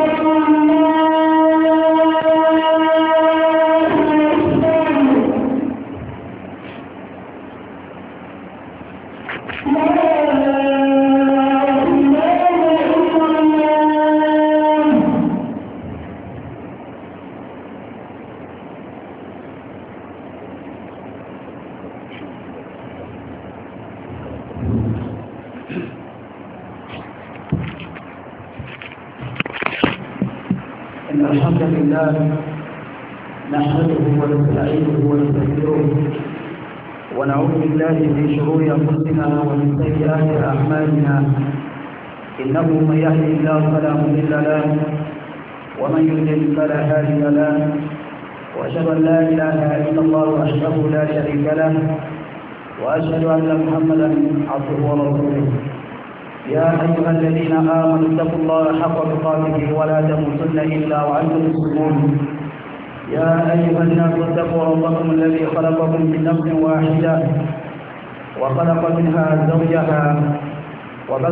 ọ̀rọ̀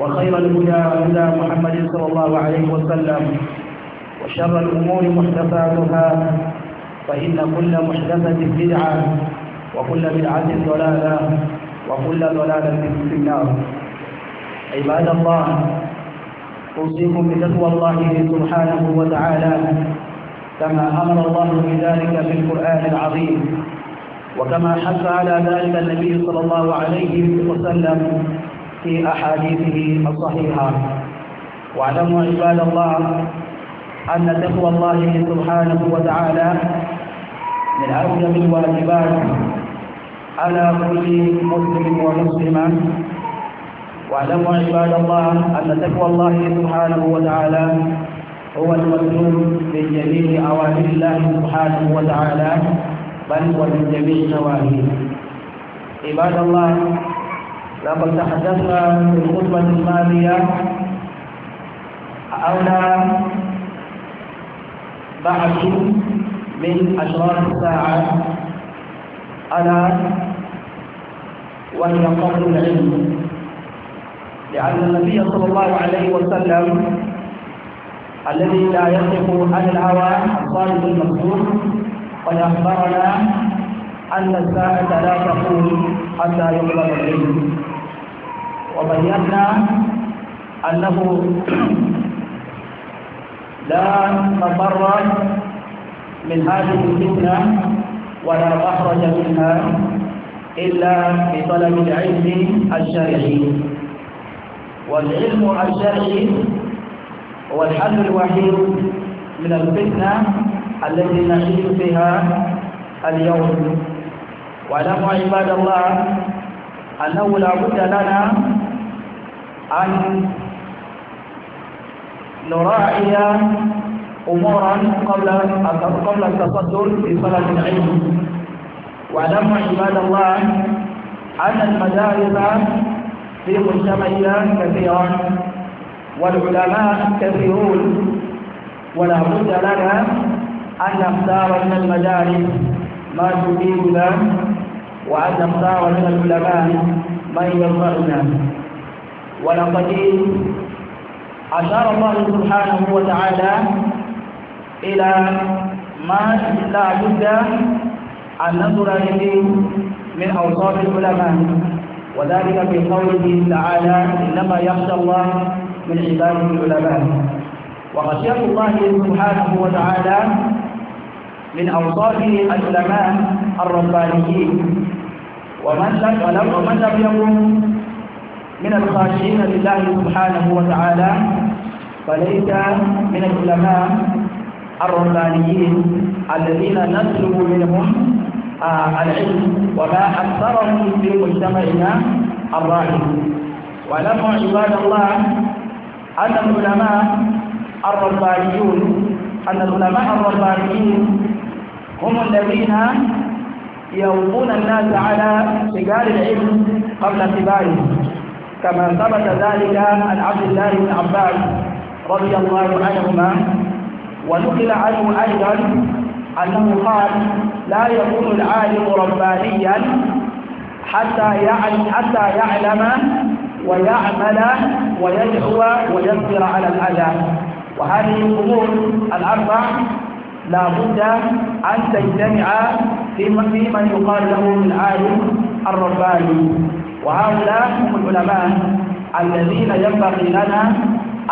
وخير الهدى هدى محمد صلى الله عليه وسلم وشر الأمور محدثاتها فإن كل محدثة بدعة وكل بدعة ضلالة وكل ضلالة في النار عباد الله أوصيكم بتقوى الله سبحانه وتعالى كما أمر الله بذلك في القرآن العظيم وكما حث على ذلك النبي صلى الله عليه وسلم في أحاديثه الصحيحة واعلموا عباد الله أن تقوى الله سبحانه وتعالى من أوجب الواجبات على كل مسلم ومسلمة واعلموا عباد الله أن تقوى الله سبحانه وتعالى هو المسلول من جميع أوامر الله سبحانه وتعالى بل ومن جميع نواهيه عباد الله لقد تحدثنا في الخطبة الماضية حول بعض من أشرار الساعة ألا وهي قول العلم لأن النبي صلى الله عليه وسلم الذي لا يصف عن الهوى صاحب المقصود قد أخبرنا أن الساعة لا تقوم حتى يطلب العلم وبينا أنه لا مضر من هذه الفتنة ولا مخرج منها إلا بطلب العلم الشرعي والعلم الشرعي هو الحل الوحيد من الفتنة التي نعيش فيها اليوم واعلموا عباد الله أنه لا بد لنا أن نراعي أمورا قبل قبل التصدر في صلاة العيد واعلموا عباد الله أن المدارس في مجتمعنا كثيرا والعلماء كثيرون ولا بد لنا أن نختار من المدارس ما تفيدنا وأن نختار من العلماء من يرضعنا ولقد أشار الله سبحانه وتعالى إلى ما لا بد أن ننظر إليه من أوصاف العلماء وذلك في قوله تعالى إنما يخشى الله من عباده العلماء وخشية الله سبحانه وتعالى من أوصاف العلماء الربانيين ومن لم يكن من الخاشعين لله سبحانه وتعالى وليس من العلماء الربانيين الذين نطلب منهم آه، العلم وما أكثرهم في مجتمعنا الراهن ولم عباد الله أن العلماء الربانيون أن العلماء الربانيين هم الذين يوقون الناس على شجار العلم قبل اتباعه كما ثبت ذلك عن عبد الله بن عباس رضي الله عنهما ونقل عنه أيضا أنه قال لا يكون العالم ربانيا حتى يعلم حتى يعلم ويعمل ويدعو ويصبر على الأذى وهذه الأمور الأربع لا بد أن تجتمع في من يقال له العالم الرباني وهؤلاء هم العلماء الذين ينبغي لنا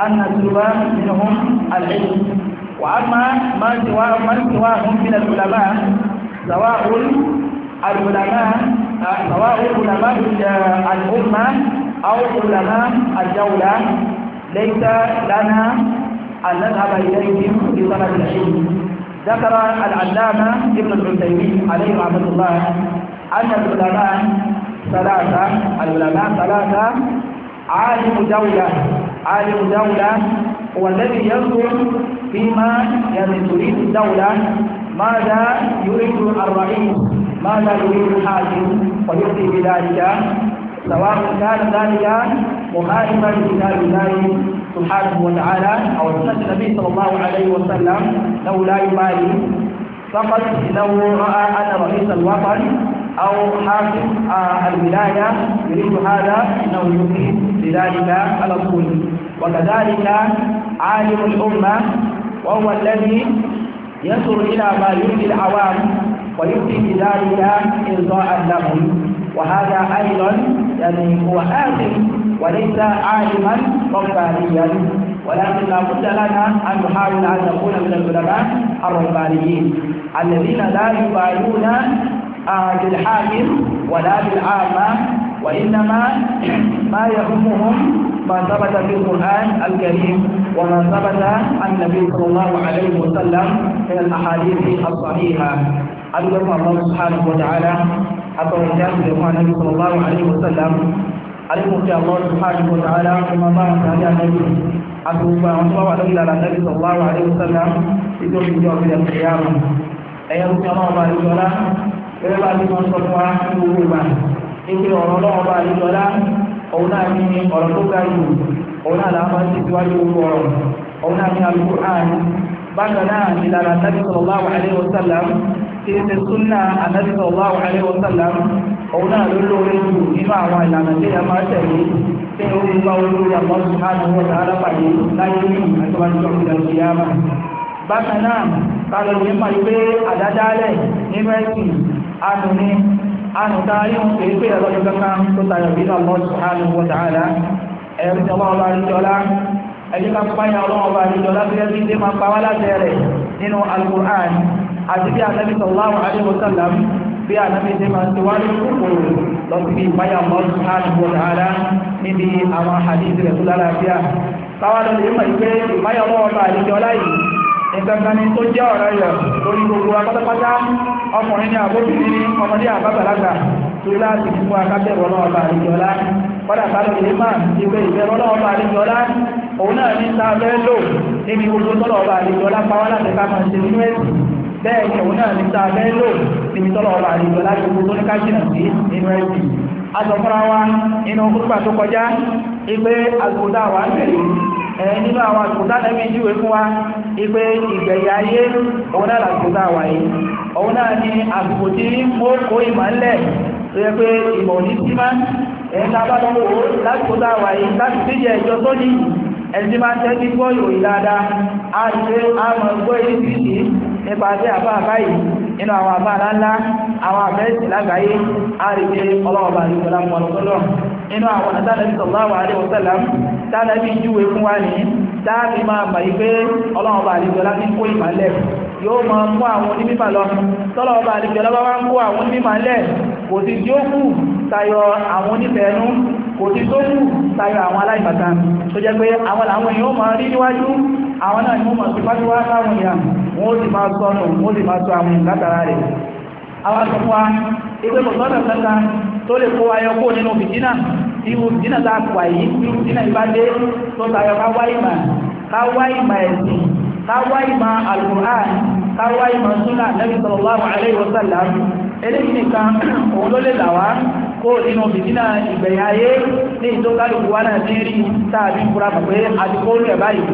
أن نسلب منهم العلم وأما ما سواهم من سواهم من العلماء سواء العلماء سواء علماء الأمة أو علماء الدولة ليس لنا أن نذهب إليهم في طلب العلم ذكر العلامة ابن العثيمين عليه رحمة الله أن العلماء ثلاثة العلماء ثلاثة عالم دولة عالم دولة هو الذي ينظر فيما يعني تريد الدولة ماذا يريد الرئيس ماذا يريد الحاكم ويؤتي بذلك سواء كان ذلك مخالفا لكتاب الله سبحانه وتعالى او سنه النبي صلى الله عليه وسلم لو لا يبالي فقط لو راى ان رئيس الوطن أو حاكم آه، الولاية يريد هذا أنه يقيم بذلك على وكذلك عالم الأمة وهو الذي ينظر إلى ما يؤذي العوام ويؤتي بذلك إرضاء لهم وهذا أيضا يعني هو آثم وليس عالما ربانيا ولكن لا بد لنا أن نحاول أن نكون من العلماء الربانيين الذين لا يبالون للحاكم ولا بالعامة وإنما ما يهمهم ما ثبت في القرآن الكريم وما ثبت النبي صلى الله عليه وسلم من الأحاديث الصحيحة أدعو الله سبحانه وتعالى حتى وجاءت النبي صلى الله عليه وسلم عليكم في الله سبحانه وتعالى كما بارك على النبي أتوب وأنصر على النبي صلى الله عليه وسلم في يوم القيامة أيها الله عليه gẹ́gẹ́ bá ti máa ń sọ fún wa ní gbogbo ìgbà ike ọ̀rọ̀ ọlọ́run bá yí lọ́lá òun náà ní ọ̀rọ̀ tó ga jù òun náà làwọn máa ń tẹ̀síwájú gbogbo ọ̀rọ̀ òun náà ní Al-Qur'an bákan náà ní lára Nabi sallallahu alaihi wasallam ti ṣe súnà Nabi sallallahu alaihi wasallam òun náà ló lóore jù nínú àwọn ìlànà tí a máa tẹ̀lé tí ó ń bá olórí àwọn subhanahu bákan náà kálọ̀ nípa ìgbé àdádálẹ̀ nínú ẹ̀sìn àánú ní àánú táyé ń pè é pé ẹ̀rọ ìjọba tó tayọ̀ bí náà subhanahu wa ta'ala ẹ̀rọ ìjọba ọba àríjọlá ẹ̀jẹ̀ ká pààyà ọlọ́wọ́ ọba àríjọlá tó yẹ kí al-Qur'an àti bí Ànábì sallallahu alaihi wa sallam bí Ànábì ṣe máa ti Allah subhanahu wa ta'ala níbi àwọn àdíjì rẹ̀ tó lálàáfíà táwọn lọ́dún yìí mọ̀ ìgbàgbani tó jẹ́ ọ̀rọ̀ yọ̀ lórí gbogbo apátápátá ọkùnrin ní àbóbìnrin ní ọmọdé àbábàlágbà tó láti fún akábẹ̀rọ náà ọba àríjọlá padà bá lè má ìwé ìbẹ̀rọ náà ọba àríjọlá òun náà ní ta fẹ́ lò níbi gbogbo tọ́lọ̀ ọba àríjọlá pàwọ́ láti ká máa ṣe nínú ẹ̀sìn bẹ́ẹ̀ ni òun náà ní ta fẹ́ lò níbi tọ́lọ̀ ọba àríjọlá gbogbo tó ní ẹ̀ nínú àwọn àtìkòtà lẹ́mí júwe fún wa ipé ìgbẹ̀yà ayé òun náà làtìkòtà wà yìí òun náà ni àtìkò tí mó kó ìmọ̀ ńlẹ̀ tó yẹ pé ìmọ̀ ní símá ẹ̀yìn lábádọ́wò làtìkòtà wà yìí láti síjẹ̀ ẹjọ́ tó ní ẹ̀sìn máa tẹ́tí gbọ́ ìròyìn dáadáa á ṣe á mọ̀ gbọ́ ìrísí nípa sí àbá báyìí nínú àwọn àbá aláńlá àwọn àfẹ́sì lágbàáyé àríwé ọlọ́ọ̀bà àríwọ̀lá pọ̀lọ̀pọ̀lọ̀ nínú àwọn àtàlẹ́bí sọ̀láwà àríwọ̀sẹ́lá tàbí júwe fún wa ní tàbí máa bà yí pé ọlọ́ọ̀bà àríwọ̀lá ní kó ìmàlẹ̀ yóò máa mú àwọn onímímà lọ tọ́lọ̀ọ̀bà àríwọ̀lá bá wá ń kó àwọn onímímà lẹ̀ kò sí tí ó kù tayọ àwọn onífẹ̀ẹ́nú kò sí tó kù tayọ àwọn aláìbàtà tó jẹ́ pé àwọn làwọn èèyàn máa rí náà ni wọ́n máa fi pàtíwá láwọn èèyàn wọ́n sì máa sọ nù wọ́n sì máa sọ àmì látara rẹ̀ àwọn sọ wa ìgbé mọ̀sọ́nà kankan tó lè kó ayọ kó nínú fìdínà irú fìdínà tá a pà yìí irú fìdínà tó sallallahu alaihi wa sallam eléyìí nìkan òun ló lè là wá kó nínú fìdínà ìgbẹ̀yà ayé ní ìtókàlùkù wa náà ti rí tàbí kúra pàpẹ́ àdìkóòrù ẹ̀ báyìí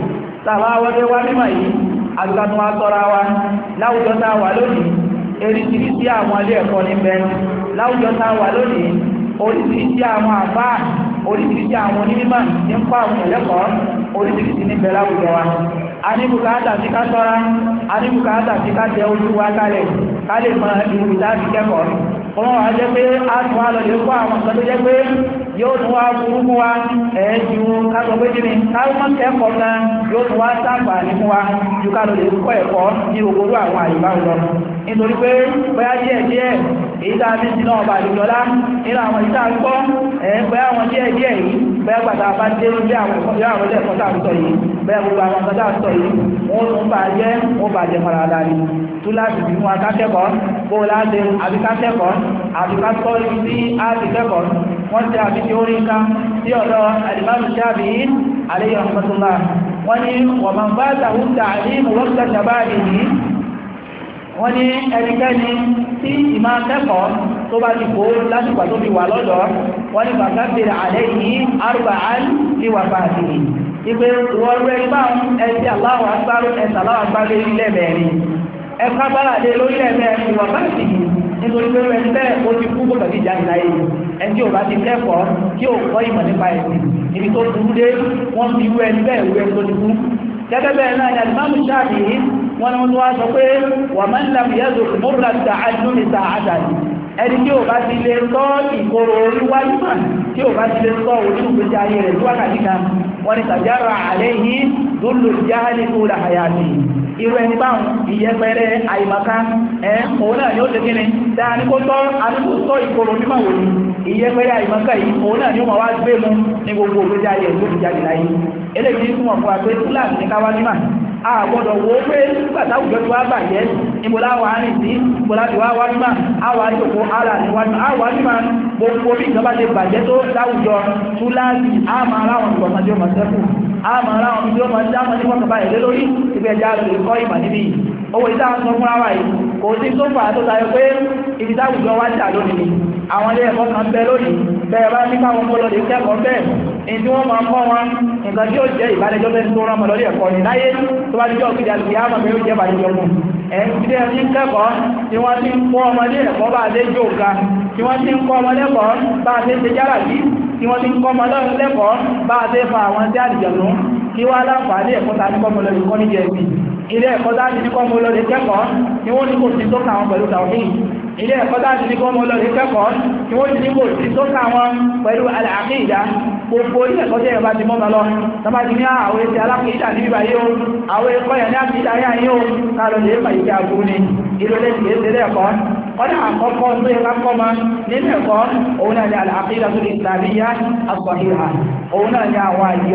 tàbá wọlé wá mímọ̀ yìí agbanu atọ́ra wa láwùjọ tá a wà lónìí eríṣiríṣi àwọn ilé ẹ̀kọ́ níbẹ̀ láwùjọ tá a wà lónìí oríṣiríṣi àwọn àbá oríṣiríṣi àwọn onímọ̀ ní ń kọ́ àwọn ẹ̀lẹ́kọ̀ọ́ oríṣiríṣi níbẹ̀ láwùjọ wa a ní bùkátà sí ká tọ́ra a ní bùkátà sí ká jẹ ojú wa kalẹ̀ ká mọ ìwòrán láti kẹ́kọ̀ọ́ ọmọ wa jẹ́ pé a tún á lọ lè kọ́ àwọn nǹkan tó jẹ́ pé yóò tún wá burú mú wa ẹ̀ẹ́jú kásọ̀ pé kí ni káwọn ẹ̀kọ́ gan yóò tún wá sáàpà ní mú wa ju ká ló lè kọ́ ẹ̀kọ́ ní ogoro àwọn àyíká lọ nítorí pé bóyá díẹ̀ díẹ̀ èyí tá a fi sí náà bàbí lọ́lá nínú àwọn ìta gbọ́ ẹ̀ bóyá àwọn díẹ̀ díẹ̀ yìí bóyá pàtà bá dé lórí àwọn ẹ̀kọ́ tá a sọ yìí bóyá gbogbo àwọn ọ̀gá tá a sọ yìí wọ́n tún bàjẹ́ wọ́n bàjẹ́ farada ni tún láti bí wọn akẹ́kọ̀ọ́ bó láti àbíkákẹ́kọ̀ọ́ àbíkákọ́ sí àbíkẹ́kọ̀ọ́ wọ́n ti àbí tí ó rí ká sí ọ̀dọ̀ alimami Shafi'i alayhi rahmatullah wọ́n ní wọ́n máa bá tàhún tààlí mọ̀lọ́pùtà sàbáàdì yìí wọ́n ní ẹnikẹ́ni tí ìmá kẹ́kọ̀ọ́ tó bá ti kó lásìkò tó fi wà lọ́dọ̀ wọ́n ní bàbá àlẹ́ yìí nítorí pé ẹni bẹ́ẹ̀ ó ti kú gbọ́dọ̀ sí ìjáde láyé ẹni tí ò bá ti kẹ́kọ̀ọ́ tí ò kọ́ ìmọ̀ nípa ẹ̀sìn ibi tó burú dé wọ́n fi wú ẹni bẹ́ẹ̀ wú ẹni tó ti kú gẹ́gẹ́ bẹ́ẹ̀ náà ni alimamu ṣáàbì wọn ni wọ́n wá sọ pé wà máa ń lam yẹ́dù mọ́rùlá ta àdúrà ní ta àdàlì ẹni tí ò bá ti lè tọ́ ìkorò orí wáyé mà tí ò bá ti lè tọ́ òní ìgbésí ayé rẹ̀ ní wákàtí kan wọ́n ni tàjára àléhì dúlù jáhálì kúlà àyàtì irú ẹni báhùn ìyẹ́pẹ̀rẹ̀ àìmọ̀ká ẹ̀ òun náà ni ó ti kíni dáa ní kó tọ́ àdúgbò tọ́ ìkòrò mímọ̀ wò ní ìyẹ́pẹ̀rẹ̀ àìmọ̀ká yìí òun náà ni ó àgbọ̀dọ̀ wo pé nígbàtà òjò tí wá bàjẹ́ ìbòlá wà ní sí ìbòlá tí wá wájú máa àwà àjòkó ara níwájú àwájú máa gbogbo bí ìjọba ṣe bàjẹ́ tó láwùjọ túláàsì àmà aráwọn ìgbọ̀kan tí ó máa sẹ́kù àmà aráwọn tí ó máa dámọ́ ní wọ́n kọba ìlé lórí ìgbẹ̀já lè kọ́ ìmọ̀ níbi owó ìdáhà sọ fún ara yìí kò sí tó fà á tó tayọ pé ibi táwùjọ wá jà lónìí àwọn ilé ẹ̀kọ́ kan bẹ lónìí bẹ́ẹ̀ bá ní káwọn ọmọ lọ́dẹ̀ kẹ́kọ̀ọ́ bẹ́ẹ̀ in tí wọ́n máa kọ́ wọn nǹkan tí ó jẹ́ ìbánijọ́ bẹ́ẹ̀ tó rán mọ̀ lórí ẹ̀kọ́ ní láyé tó bá jọ òkèjà sí àmọ̀ mi ó jẹ́ bàjẹ́ ọmọ ẹ̀yìn tí ẹ ti kẹ́kọ̀ọ́ tí wọ́n ti ń kọ́ ọmọdé ẹ̀kọ́ bá dé jò ga tí wọ́n ti ń kọ́ ọmọ lẹ́kọ̀ọ́ bá dé ṣe yára bí tí wọ́n ti ń kọ́ ọmọ lẹ́kọ̀ọ́ bá dé fa àwọn tí àdìjọ̀nù kí wá láǹfààní ẹ̀kọ́ ta ní kọ́mọ lórí kọ́ ní jẹ́ ilé ẹ̀kọ́ tá ní kọ́mọ lórí kẹ́kọ̀ọ́ ni wọ́n ní kò sí tó kà wọn pẹ̀lú tàwọn ilé ẹ̀kọ́ táàtì ní kọ́mọ lọ́dún kẹ́kọ̀ọ́ kí wọ́n ti níbò tí tó ká wọn pẹ̀lú àkídà gbogbo ilé ẹ̀kọ́ tẹ́yẹ̀ bá ti mọ́ lọ tọ́bá ti ní ah, àwọn èsì alákìídà ní bíbá yóò àwọn ẹ̀kọ́ yẹn ní àkídà yá yóò tààrọ̀ lè fà ìjà àgbò ni ìrọ̀lẹ́ ti kéèsè lẹ́ẹ̀kọ́ ọ̀nà àkọ́kọ́ tó yẹ ká kọ́ ma nínú ẹ̀kọ́ òun náà ni àkídà tó lè tàbí yá àsọ̀hìhà òun náà ni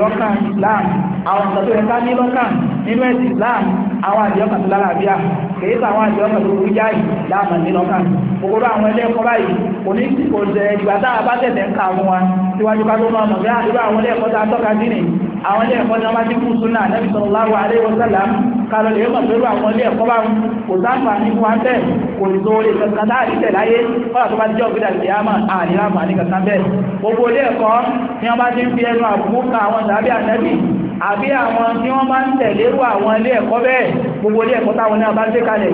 Islam àwọn ìtàtò ẹ̀ká nílọ́kà nínú ẹ̀sìn Islam àwọn àdìọ́kà tó lálàáfíà kèé sàwọn àdìọ́kà tó burú jáì láàmà nílọ́kà gbogbo àwọn ilé ẹ̀kọ́ báyìí kò ní sí kò jẹ ìgbà tá a bá tẹ̀tẹ̀ ń ka fún wa síwájú ká tó máa mọ̀ bí irú àwọn ilé ẹ̀kọ́ tá a tọ́ka sí ni àwọn ilé ẹ̀kọ́ tí wọ́n bá ti kú súnà Ànábì sallallahu alaihi wasallam kálọ̀ lè mọ̀ pẹ̀lú àwọn ilé ẹ̀kọ́ bá kò sáfà ní fún wa bẹ́ẹ̀ kò ní sóore kankan láàrin tẹ̀ láyé kọ́lá tó bá ti jẹ́ òkúta ìdè àmà àríra àmà ní kankan bẹ́ẹ̀ gbogbo ilé ẹ̀kọ́ ni wọ́n bá ti ń fi ẹnu àbúkú ka àwọn tàbí Ànábì àbí àwọn tí wọ́n bá ń tẹ̀lérú àwọn ilé ẹ̀kọ́ bẹ́ẹ̀ gbogbo ilé ẹ̀kọ́ táwọn náà bá ń gbé kalẹ̀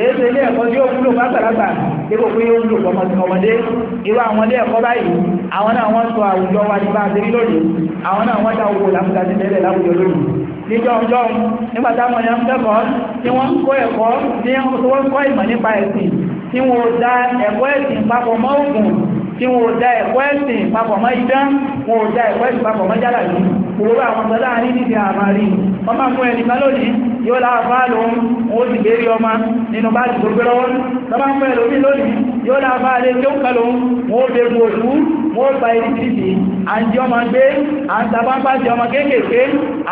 kéèsè ilé ẹ̀kọ́ tí ó wúlò pátàlágbà dípò pé ó wúlò ọmọdé irú àwọn ilé ẹ̀kọ́ báyìí àwọn náà wọ́n sọ àwùjọ wa nípa àti lónìí àwọn náà wọ́n dáwò láfíà ti tẹ́lẹ̀ láwùjọ lónìí níjọ́ ọjọ́ nígbàtá wọn ya ń kẹ́kọ̀ọ́ tí wọ́n ń kó ẹ̀kọ́ tí wọ́n ń kọ́ ìmọ̀ nípa ẹ̀sìn tí wọ́n dá ẹ̀kọ́ ẹ̀sìn papọ̀ mọ́ ògùn tí wọ́n dá ẹ̀kọ́ ẹ̀sìn papọ̀ mọ́ idán wọ́n dá ẹ̀kọ́ ẹ̀sìn papọ̀ mọ́ jálà yìí gbogbo àwọn ọmọ láàrin níbi àmàrí ọmọ mú ẹni bá lónìí yóò láàfáà lòun ó sì bèèrè ọmọ nínú bá ti gbogbo lọ́wọ́ yóò láàbá alẹ́ tí ó ń kẹlòun wọ́n lè mú òṣù wọ́n gba ìdíjì à ń jẹ ọmọ gbé à ń tàbápá jẹ ọmọ kéékèèké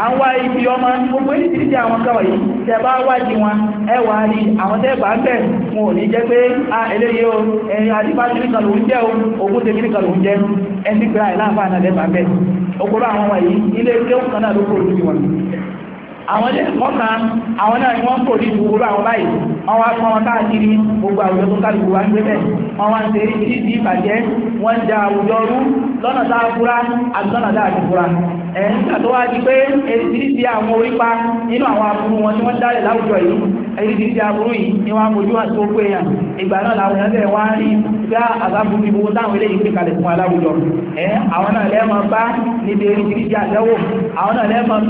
à ń wá ibi ọmọ gbogbo ìdíjì àwọn kọwà yìí tẹ bá wájì wọn ẹwà rí àwọn tẹ́ bá bẹ̀ wọn ò ní jẹ́ pé a eléyìí o ẹ̀yìn àdífà kìnnìkan lòún jẹ́ o ògùn tẹ kìnnìkan lòún jẹ́ ẹni pé àìláàfà náà lẹ́bàá bẹ̀ òkúrò àwọn wọ̀nyí ilé tí ó ń kan náà ló kúrò lójú wọn àwọn ilé ẹ̀kọ́ kan àwọn náà ni wọ́n kò ní ìwúrú àwọn báyìí wọ́n wá fún wọn káàkiri gbogbo àwùjọ tó kálukú wá ń gbé bẹ́ẹ̀ wọ́n wá ń ṣe ìdí ìbàjẹ́ wọ́n ń da àwùjọ rú lọ́nà tá a fura àti lọ́nà tá a ti fura ẹ̀ nígbà tó wá di pé èsìrìsì àwọn orípa nínú àwọn aburú wọn tí wọ́n dálẹ̀ láwùjọ yìí èsìrìsì aburú yìí ni wọ́n á mojú àti ogbó èèyàn ìgbà náà làwọn èèyàn bẹ̀rẹ̀ wá ń rí bá ah, àbábùrú ibo táwọn eléyìí pè kalẹ̀ fún aláwùjọ ẹ̀ àwọn náà lẹ́ẹ̀mọ́ bá níbi èsìrìsì àtẹ́wò àwọn náà lẹ́ẹ̀mọ́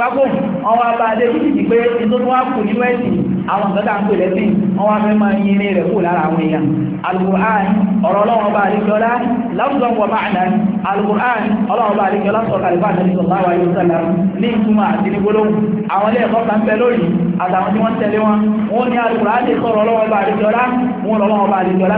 bá fún ọwọ́ abá adé títí pé nítorí wọ́n kù nínú ẹ̀sìn àwọn nǹkan tá à ń pè lẹ́sìn ọwọ́ abẹ́ máa yin ní rẹ̀ kù lára àwọn èèyàn alukur'an ọ̀rọ̀ ọlọ́run ọba àdéjọ́lá láwùjọ́ wọ máàlá alukur'an ọlọ́run ọba àdéjọ́lá sọ kàlífà àtàlí sọ̀tà wà yóò sọ̀lá ní ìtumọ̀ àti ní gbólóhùn àwọn ilé ẹ̀kọ́ kan bẹ lórí àtàwọn tí wọ́n tẹ̀lé wọn wọ́n ní alukur'an ti sọ̀rọ̀ ọlọ́run ọba àdéjọ́lá wọ́n lọ́wọ́ ọba àdéjọ́lá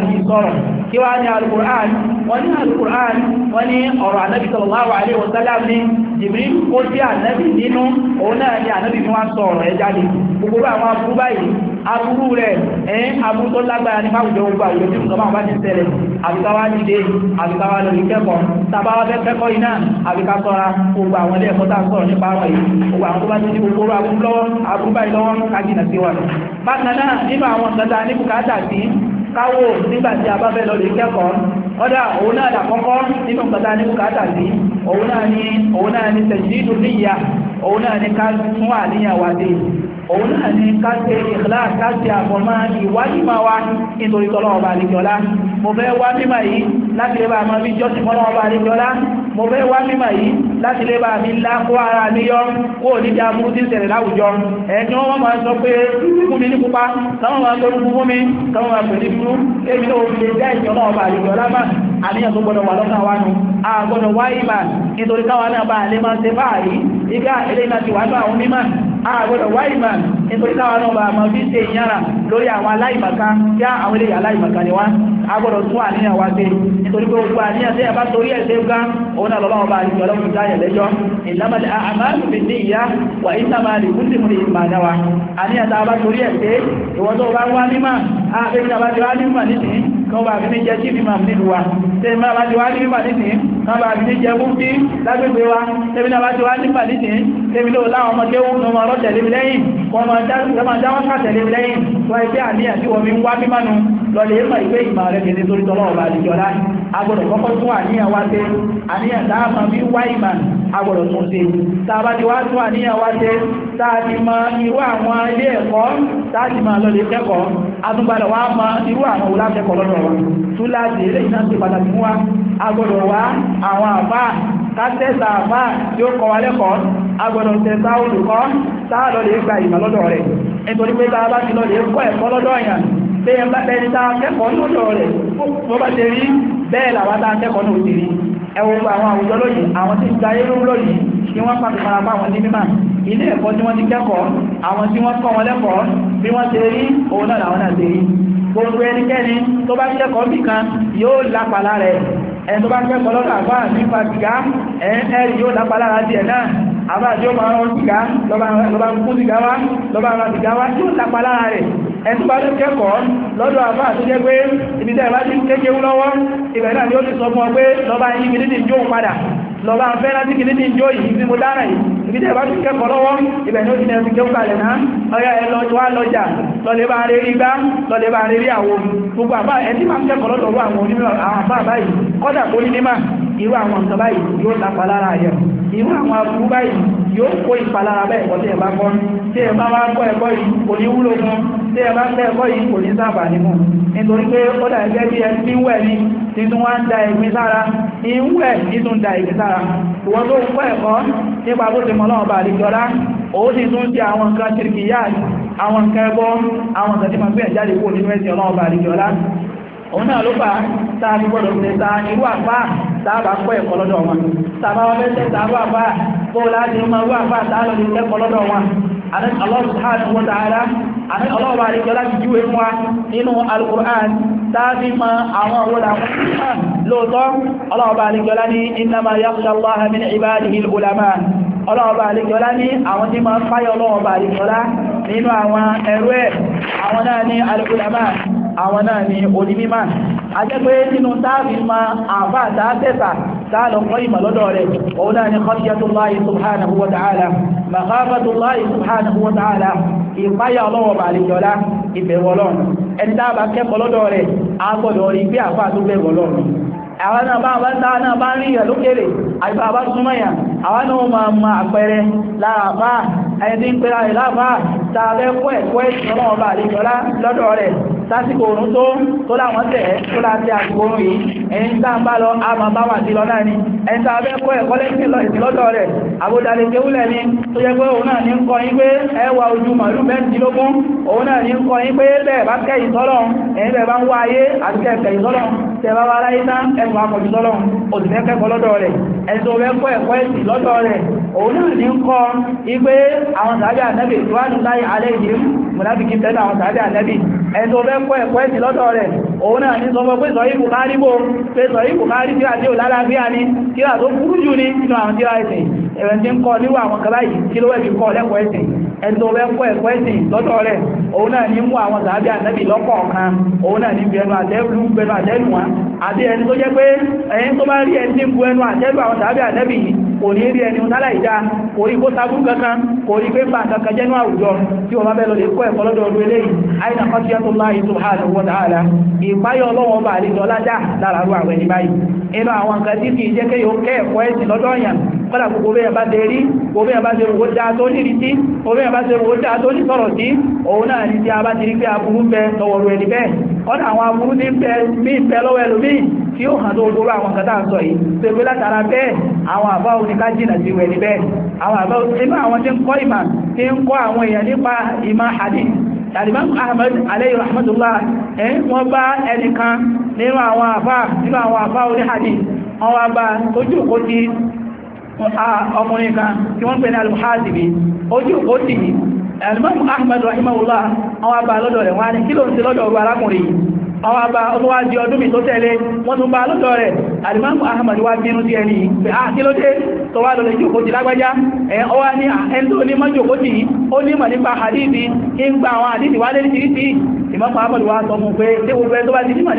kí wá ní al-Qur'an wọ́n ní al-Qur'an wọ́n ní ọ̀rọ̀ ànábì sallallahu alaihi wa sallam ní Jibril kó sí ànábì nínú òun náà ni ànábì fún wa sọ ọ̀rọ̀ ẹ jáde gbogbo àwọn aburú báyìí aburú rẹ̀ ẹ̀yìn aburú tó lágbára ní máwùjọ gbogbo àwùjọ tí ìjọba bá ti ṣẹlẹ̀ àbíkáwá dìde àbíkáwá lórí kẹ́kọ̀ọ́ tàbáwá fẹ́ kẹ́kọ̀ọ́ iná àbíká sọ́ra gbogbo àwọn ilé ẹ̀kọ́ tá à ń sọ̀rọ̀ nípa nínú àwọn káwò nígbàtí a bá fẹ́ lọ lè kẹ́kọ̀ọ́ ọ́dá òun náà dàkọ́kọ́ nínú pẹ̀ta ní bùkátà sí òun náà ni òun ni tẹ̀sídù níyà òun náà ni ká tún wà níyàwó àti òun náà ni ká ṣe ìhlá ká ṣe àfọ̀mọ́ ìwádìí máa wá nítorí tọ́lọ́ọ̀bà àlejọ́lá mo fẹ́ wá mímọ̀ yìí láti lè bá a mo fẹ́ wá mímọ̀ yìí láti lé bá mi ńlá kó ara mi yọ kó o níbi aburú tí ń ṣẹlẹ̀ láwùjọ ẹni wọ́n máa sọ pé fún mi ní pupa táwọn máa tó rúkú fún mi táwọn máa pè ní burú èmi náà fi lè jẹ́ ìjọ náà bá àlejò ọlámà àníyàn tó gbọdọ̀ wà lọ́kàn wa nù a gbọdọ̀ wá ìmà nítorí káwa náà bá lè máa ṣe báyìí ibà eléyìí náà ti wà ní àwọn mímọ̀ a gbọdọ̀ wá ìmà nítorí káwa náà bá máa fi ṣe ìyára lórí àwọn aláìmọ̀ká tí àwọn eléyìí aláìmọ̀ká ni wá a gbọdọ̀ tún àníyàn wa ṣe nítorí pé gbogbo àníyàn tí a bá torí ẹ̀ ṣe gan òun àlọ́lọ́wọ́ bá àríkẹ́ ọlọ́run dáyẹ̀ lẹ́jọ́ ìlàmàlẹ̀ àmàlù fi ní ìyá wà ìsàmàlì kúndìmù ìmàdáwà àníyàtà bá torí ẹ̀ pé ìwọ́n tó bá wá mímọ̀ àbẹ́kí àbájọ́ alìmọ̀ nìtì kan bá fi ní jẹ́ chief imam nílùú wa tẹ́bí náà bá ti wá alìmọ̀ nìtì kan bá fi ní jẹ́ búkí lágbègbè wa tẹ́bí náà bá ti wá alìmọ̀ nìtì tẹ́bí náà láwọn ọmọdé wọn ọmọ ọ̀rọ̀ tẹ̀lé lẹ́yìn wọn máa dáwọn sàtẹ̀lé lẹ́yìn tó ẹgbẹ́ àníyàn tí wọ́n mi ń wá mímánu lọ́lẹ̀ ẹ̀mọ̀ ìgbé ìmọ̀ rẹ̀ kìí torí tọ́lọ́ọ̀bà àdìjọ́lá agbọ́dọ̀ kọ́kọ́ tún àníyàn wá tẹ́ àníyàn dáàmà bí wá ìmọ̀ agbọ́dọ̀ tún sí tàbá ti wá tún àníyàn wá tẹ́ tàbí ma irú àwọn ilé ẹ̀kọ́ tàbí ma lọ́lẹ̀ kẹ́kọ̀ọ́ agbọ́dọ̀ wá ma irú àwọn oláfẹ́kọ̀ọ́ lọ́dọ̀ wa tó láti ilé ìsáà ti pàtàkì mú wa agbọ́dọ̀ wá àwọn àfáà kátẹ́sà àfáà tí kọ wa lẹ́kọ̀ọ́ agbọ́dọ̀ tẹ́sà olùkọ́ sáà lọ́lẹ̀ gba ìmọ̀ lọ́dọ̀ rẹ̀ nítorí pé tàbá ti lọ́lẹ̀ kọ́ ẹ̀kọ́ lọ́dọ̀ yàn bẹ́ẹ̀ ẹwọ gba àwọn àwùjọ lóyìí àwọn tí ń gba ayé lórí lóyìí kí wọ́n pàtó farapa àwọn ní mímà ilé ẹ̀kọ́ tí wọ́n ti kẹ́kọ̀ọ́ àwọn tí wọ́n kọ́ wọn lẹ́kọ̀ọ́ bí wọ́n ṣe rí òun náà làwọn náà ṣe rí gbogbo ẹnikẹ́ni tó bá kẹ́kọ̀ọ́ nìkan yóò lápàlá rẹ̀ ẹni tó bá kẹ́kọ̀ọ́ lọ́dọ̀ àbá nípa sìgá ẹ̀ẹ́rì yóò lápàlá rẹ̀ náà àbá àti ọmọ àwọn sìgá lọ́ba ń kún sìgá wá lọ́ba àwọn sìgá wá yóò tàpá lára rẹ̀ ẹ̀tún bá ló kẹ́kọ̀ọ́ lọ́dọ̀ àbá àti jẹ́ pé ibi tẹ́ bá ti kékeré lọ́wọ́ ibẹ̀ náà ni ó ti sọ fún ọ pé lọ́ba yìí kìí ti jó padà lọ́ba ń fẹ́ láti kìí ti jó yìí tí mo dára yìí ibi tẹ́ bá ti kẹ́kọ̀ọ́ lọ́wọ́ ibẹ̀ ni ó ti nẹ́ẹ̀sì kéwù kalẹ̀ náà ọyá ẹ lọ wá lọ́jà lọ́lẹ̀ bá rí rí gbá lọ́lẹ̀ bá rí rí àwọn gbogbo àbá ẹ tí máa ń kẹ́kọ̀ọ́ lọ́dọ̀ àwọn onímọ̀ àwọn àbá báyìí kọ́dà kó ní nímà irú àwọn nǹkan báyìí yóò lápa lára àyẹ̀wò irú àwọn aburú báyìí yóò kó ìpalára bẹ́ẹ̀ kọ́ tí ẹ bá kọ́ tí ẹ bá wá kọ́ ẹ̀kọ́ yìí kò ní wúlò fún tí ẹ bá kọ́ ẹ̀kọ́ yìí kò ní sábà ní fún nítorí pé ó dà gẹ́gẹ́ bí ẹni tí ń wẹ̀ ní títún wá ń da ìgbín sára ìwẹ̀ títún da ìgbín sára ìwọ́n tó ń kọ́ ẹ̀kọ́ nípa bó ti mọ̀ náà bá àlejò ọlá ó sì tún ti àwọn nǹkan ṣìrìkì yáà àwọn nǹkan ẹbọ àwọn òun náà ló fà táa fi gbọ́dọ̀ ṣe ta irú àfá táàbà kọ́ ẹ̀kọ́ lọ́dọ̀ wọn tàbá wọn fẹ́ tààrú àfá bóòlá ti mọ irú àfá tààlọ́ ní ẹ̀kọ́ lọ́dọ̀ wọn ọlọ́ọ̀bà àríkẹ́ láti jú ẹ̀mú wa nínú al-Qur'an tàbí ma àwọn òwúrà lóòtọ́ ọlọ́ọ̀bà àríkẹ́ lá ní innama yakhsha Allaha min ibadihi al-ulama ọlọ́ọ̀bà àríkẹ́ lá ní àwọn tí ma fáyọ ọlọ́ọ̀bà àríkẹ́ lá nínú àwọn ẹ̀rọ ẹ̀ àwọn náà ní al àwọn náà ni onímímà ajẹ́gbé nínú táàrí ma àbá àtàtẹ́ta tààlọ̀kọ́ ìmọ̀ lọ́dọ̀ rẹ̀ òun náà ni khashiyatullahi subhanahu wa ta'ala makhafatullahi subhanahu wa ta'ala ìpáyà ọlọ́wọ̀ bàlìjọ́lá ìbẹ̀wọ̀lọ́n ẹni dáàbà kẹ́kọ̀ọ́ lọ́dọ̀ rẹ̀ àwọn náà bá ń dáa náà bá ń rí ìyà lókèrè àìbá bá súnmọ́ yà àwọn náà máa ma àpẹẹrẹ lára ẹni ń pera rẹ̀ láàfá tààbẹ́ kọ́ ẹ̀kọ́ ẹ̀sìn ọlọ́run ọba àlejọ́lá lọ́dọ̀ rẹ̀ sásìkò òrùn tó tó láwọn tẹ̀ tó láti àsìkò òrùn yìí ẹni tá ń bá lọ àmà sí lọ náà ni ẹni tá bẹ́ kọ́ ẹ̀kọ́ lẹ́sìn lọ rẹ̀ àbúdalẹ̀ kéwúlẹ̀ ni tó jẹ́ pé òun náà ní kọ́ yín pé ẹwà ojú màálù mẹ́rìndínlógún òun náà ní kọ́ yín pé bẹ́ẹ̀ bá àwọn sàájá ànẹ́bì ìwádùn láyé alẹ́ ìhìm mùnáfikí tẹ́lá àwọn sàájá ànẹ́bì ẹni tó fẹ́ kọ́ ẹ̀kọ́ ẹ̀sì lọ́dọ̀ rẹ̀ òun náà ní sọmọ pé sọ ìbù kárí bó pé sọ ìbù kárí tí a tí ò lálàáfíà ní kí a tó burú jù ní nínú àwọn tíra ẹ̀sìn ẹ̀rẹ̀ tí ń kọ́ níwọ̀ àwọn kàbáyìí kí ló wẹ́ fi kọ́ lẹ́kọ̀ọ́ ẹ̀sìn ẹ̀tọ́ bẹ́ kọ́ ẹ̀kọ́ ẹ̀sìn lọ́dọ̀ rẹ̀ òun náà ní mú àwọn tàbí ànábì lọ́pọ̀ kan òun náà ní bẹnu àtẹ́lù bẹnu àtẹ́lù wọn àti ẹni tó jẹ́ pé ẹ̀yìn tó bá rí ẹni tí ń bu ẹnu àtẹ́lù àwọn tàbí ànábì kò ní rí ẹni tálà ìdá kò rí kó sábú kankan kò rí pé pàtàkì kankan jẹ́nu àwùjọ tí wọ́n bá bẹ́ lọ lè kọ́ ẹ̀kọ́ lọ́dọ̀ ọdún eléyìí àìnà khashiyatullahi subhanahu wa ta'ala ìpáyọ̀ ọlọ́wọ́ bá lè lọ lájá lára rú àwọn ẹni báyìí inú àwọn nǹkan tí kì í jẹ́ kéèyàn kẹ́ ẹ̀kọ́ ẹ̀sìn lọ́dọ̀ ọ̀yàn kọ́dà gbogbo bẹ́ẹ̀ bá dé òbí àbá ṣe rògbó dáa tó nìrí tí òbí àbá ṣe rògbó dáa tó ní sọ̀rọ̀ sí òun náà ní tí a bá ti rí pé aburú ń bẹ lọ́wọ́rú ẹni bẹ́ẹ̀ ọ̀nà àwọn aburú ní mí ń bẹ lọ́wọ́ ẹlòmíì tí ó hàn tó gbogbo àwọn nǹkan tá à ń sọ yìí tó hadith Imam Ahmad alayhi rahmatullah ẹ̀yìn wọ́n bá ẹnìkan nínú àwọn àfá nínú àwọn àfá oní ọkùnrin kan tí wọ́n pè ní alùhásìbí ojú ó sì ní alimọ́mù ahmed rahimahullah àwọn abà lọ́dọ̀ rẹ̀ wọ́n á kí ló ń lọ́dọ̀ ọrú arákùnrin àwọn àbá ọdún wá di ọdún mi tó tẹ̀lé wọ́n tún bá lọ́dọ̀ rẹ̀ alimamu ahmad wá bínú sí ẹni pé a ah, kí ló dé tó wá lọ lè jòkóti lágbájá ẹ̀ ọwá ní ah, ẹni tó ní mọ́jòkóti ó nímọ̀ nípa hadithi kí ń gba àwọn hadithi wá lé ní tìrìtì ìmọ́pá ahmad wá sọ fún pé tí gbogbo ẹ tó bá ti nímọ̀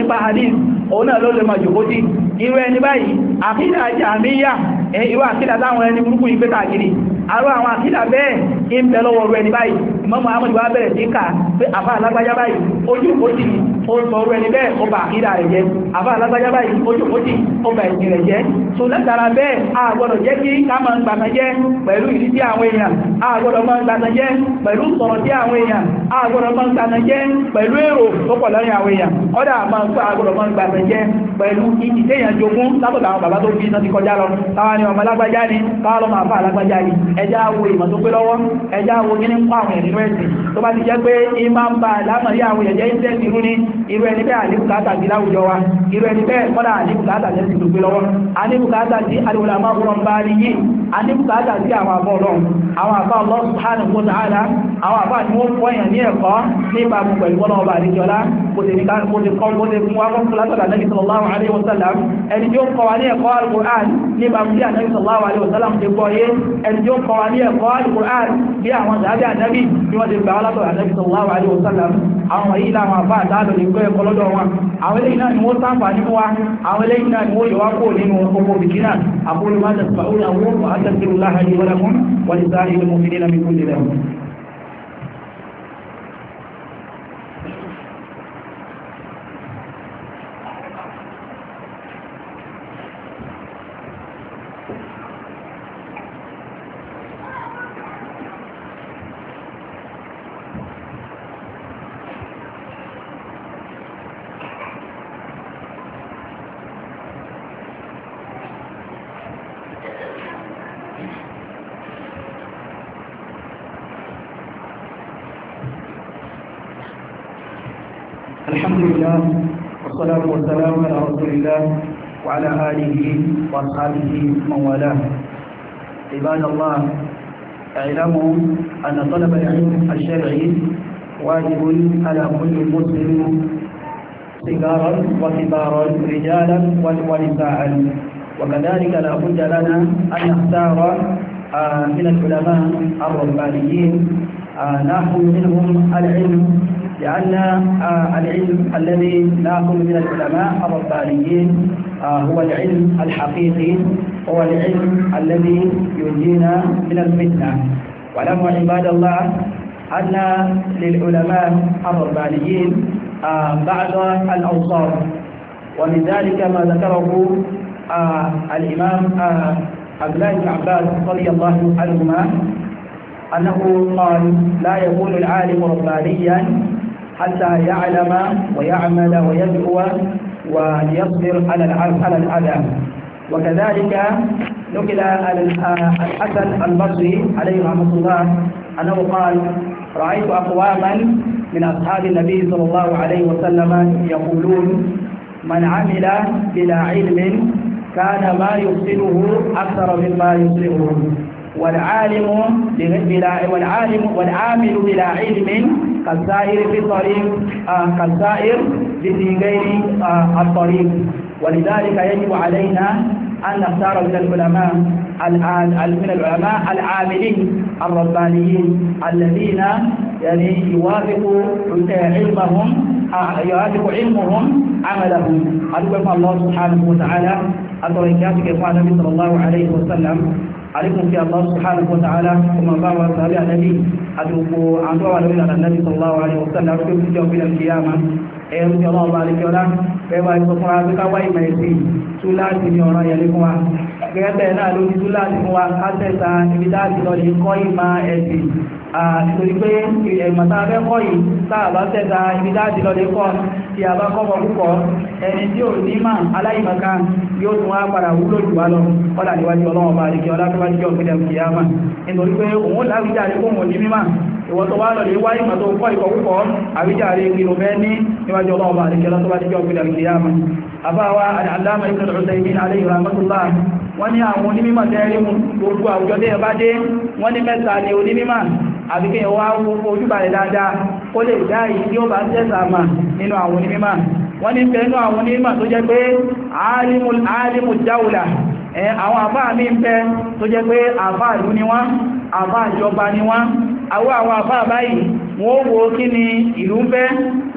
ìmọ́mù amadu wa bẹ̀rẹ̀ sí kà pé àfà alágbájá báyìí ojú òjì ó sọ orú ẹni bẹ́ẹ̀ ó bà ìdá rẹ̀ jẹ́ àfà alágbájá báyìí ojú òjì ó bà ìdí rẹ̀ jẹ́ so látara bẹ́ẹ̀ a gbọ́dọ̀ jẹ́ kí ká máa gbàkan jẹ́ pẹ̀lú ìdí tí àwọn èèyàn a gbọ́dọ̀ máa gbàkan jẹ́ pẹ̀lú sọ̀rọ̀ tí àwọn èèyàn a gbọ́dọ̀ máa gbàkan jẹ́ pẹ̀lú èrò tó pọ̀ lọ́rin àwọn èèyàn ọ̀dà máa gbọ́ a gbọ́dọ̀ pẹ̀lú ìdí téèyàn jogún látọ̀dọ̀ àwọn bàbá tó fi iná ni ọmọ alágbájá ni káwọn lọ́mọ ni ẹjá wo ìmọ̀ tó pé lọ́wọ́ ẹjá wo ẹ̀sìn tó bá ti jẹ́ pé ìmá ń ba lámàrí àwọn ẹ̀jẹ́ iṣẹ́ ti rú ní irú ẹni bẹ́ẹ̀ àníbùkátà sí láwùjọ wa irú ẹni bẹ́ẹ̀ kọ́dà àníbùkátà jẹ́ ti dùgbé lọ́wọ́ àníbùkátà sí àríwọ̀lá máa wọ́n bá rí yìí àníbùkátà sí àwọn àbọ̀ ọlọ́run àwọn àbá Allah subhanahu wa ta'ala àwọn àbá ni wọ́n fọ́ èèyàn ní ẹ̀kọ́ nípa pẹ̀lú bọ́lá ọba àríjọlá kò sì ní kó lè kọ́ bí wọ́n ti gbà wọ́n látọ̀ ànábì sallallahu alaihi wasallam àwọn yìí làwọn àbá àtàlọ́ lè gbọ́ ẹ̀kọ́ lọ́dọ̀ wọn àwọn eléyìí náà ni wọ́n sáǹfà nínú wa àwọn eléyìí náà ni wọ́n yọ wá kó nínú gbogbo bìkínà àkólú máa tẹ̀síwájú àwọn àtẹ̀síwájú láhàjì wọ́n lẹ́kún wọ́n ti sáré ilé mọ́fìnínà mi kúndìlẹ̀ الحمد لله والصلاة والسلام على رسول الله وعلى آله وأصحابه ومن والاه عباد الله اعلموا أن طلب العلم الشرعي واجب على كل مسلم صغارا وكبارا رجالا ونساء وكذلك لا بد لنا أن نختار من العلماء الربانيين ناخذ منهم العلم لأن آه، العلم الذي نأخذ من العلماء الربانيين آه، هو العلم الحقيقي هو العلم الذي ينجينا من الفتنة ولم عباد الله أن للعلماء الربانيين آه، بعض الأوصاف ومن ذلك ما ذكره الإمام عبد الله بن عباس رضي الله عنهما أنه قال لا يكون العالم ربانيا حتى يعلم ويعمل ويدعو ويصبر على على الأذى وكذلك نقل الحسن البصري عليه رحمة الله أنه قال رأيت أقواما من أصحاب النبي صلى الله عليه وسلم يقولون من عمل بلا علم كان ما يفسده أكثر مما يصلحه والعالم بلا والعالم والعامل بلا علم كالسائر في الطريق آه، كالسائر في غير آه، الطريق ولذلك يجب علينا أن نختار من العلماء من العلماء العاملين الربانيين الذين يعني يوافق علمهم آه، يوافق علمهم عملهم أدعو الله سبحانه وتعالى أتركاتك إخوان النبي صلى الله عليه وسلم عليكم في الله سبحانه وتعالى وما باب صلى النبي أدوكو عن دعوة النبي صلى الله عليه وسلم في يوم القيامة ẹ̀rù ní ọlọ́ọ̀bá àríkẹ́ọlá pẹ̀lú àìsọ fún àti káwá ìmọ̀ ẹ̀sì túláàtì ní ọ̀ràn yẹ̀lé fún wa gẹ́gẹ́ bẹ́ẹ̀ náà ló ní túláàtì fún wa kásẹ̀ta ibi táàtì lọ lè kọ́ ìmọ̀ ẹ̀sì àtìtorí pé ẹ̀mọ̀ tá a fẹ́ kọ́ yìí tá a bá sẹ́ta ibi táàtì lọ lè kọ́ tí a bá kọ́ púpọ̀ ẹni tí ò ní mà aláìmọ̀ká yóò tún wá padà wúlò jù wá lọ kọ́dà níwájú ọlọ́wọ́n bá àríkẹ́ ọlá tó bá jẹ́ òkèlè kìyàmà nítorí pé òun láwùjáde kóhùn ní mímà ìwọ́n tó wá lọ lè wáyé ìgbà tó ń kọ́ ìkọ̀kúkọ̀ àwíjàre kí ló fẹ́ ní níwájú ọlọ́ọ̀bà àríkẹ́lá tó bá jẹ́ òfin àríkẹ́yàmà àbáwá àdáàmà ìkẹ́lẹ̀ ọ̀sẹ̀ àwọn ojúbàrẹ̀ dáadáa kó lè dá tí ó bá tẹ́sà mà nínú àwọn onímọ̀ wọ́n ní pẹ̀lú àwọn onímọ̀ tó jẹ́ pé alimul dawla àwọn àfáà mi ń pẹ́ tó jẹ́ pé àfáà ìlú ni wọ́n àfáà ìjọba ni wọ́n àwọ́ àwọn àfá àbáyìí wọ́n wo kí ni ìlú ń fẹ́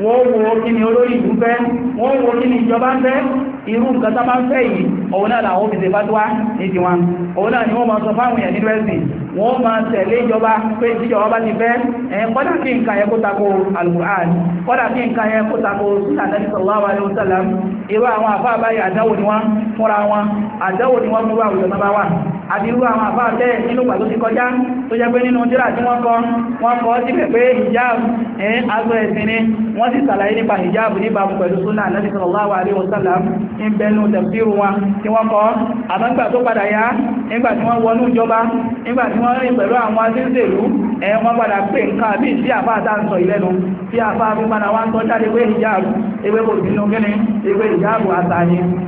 wọ́n wo kí ni olórí ń fẹ́ wọ́n wo kí ni ìjọba ń fẹ́ irú nǹkan tá máa ń fẹ́ yìí òun náà làwọn òfìsè fatuwa ní tiwọn òun náà ni wọ́n máa sọ fáwọn èèyàn nínú ẹ̀sìn wọ́n máa tẹ̀lé ìjọba pé ìjọba bá ti fẹ́ ẹ̀yìn sallallahu alaihi wasallam irú àwọn àfá àbáyé àdáwò ni wọ́n fúnra wọn àdáwò ni wọ́n múrú àwùjọ náà bá wà àti irú àwọn àfá àbẹ́ nínú pàtó ti kọjá tó jẹ́ pé nínú jíra tí wọ́n kọ wọ́n kọ síbẹ̀ pé hijab ẹ̀yìn agbẹ́ ẹ̀sìn ni wọ́n sì sàlàyé nípa hijab níbàmù pẹ̀lú súnà Ànábì sallallahu alaihi wasallam ń bẹnu tẹ̀síru wọn tí wọ́n kọ́ àbágbà tó padà yá nígbà tí wọ́n wọnú ìjọba nígbà tí wọ́n rìn pẹ̀lú àwọn adínsèlú ẹ̀ wọ́n padà pé nǹkan àbí sí àfáà tá ìlẹ́nu tí àfáà fi wá ń tọ́ jáde pé ìjáàbù ewé kò sínú kíni ewé ìjáàbù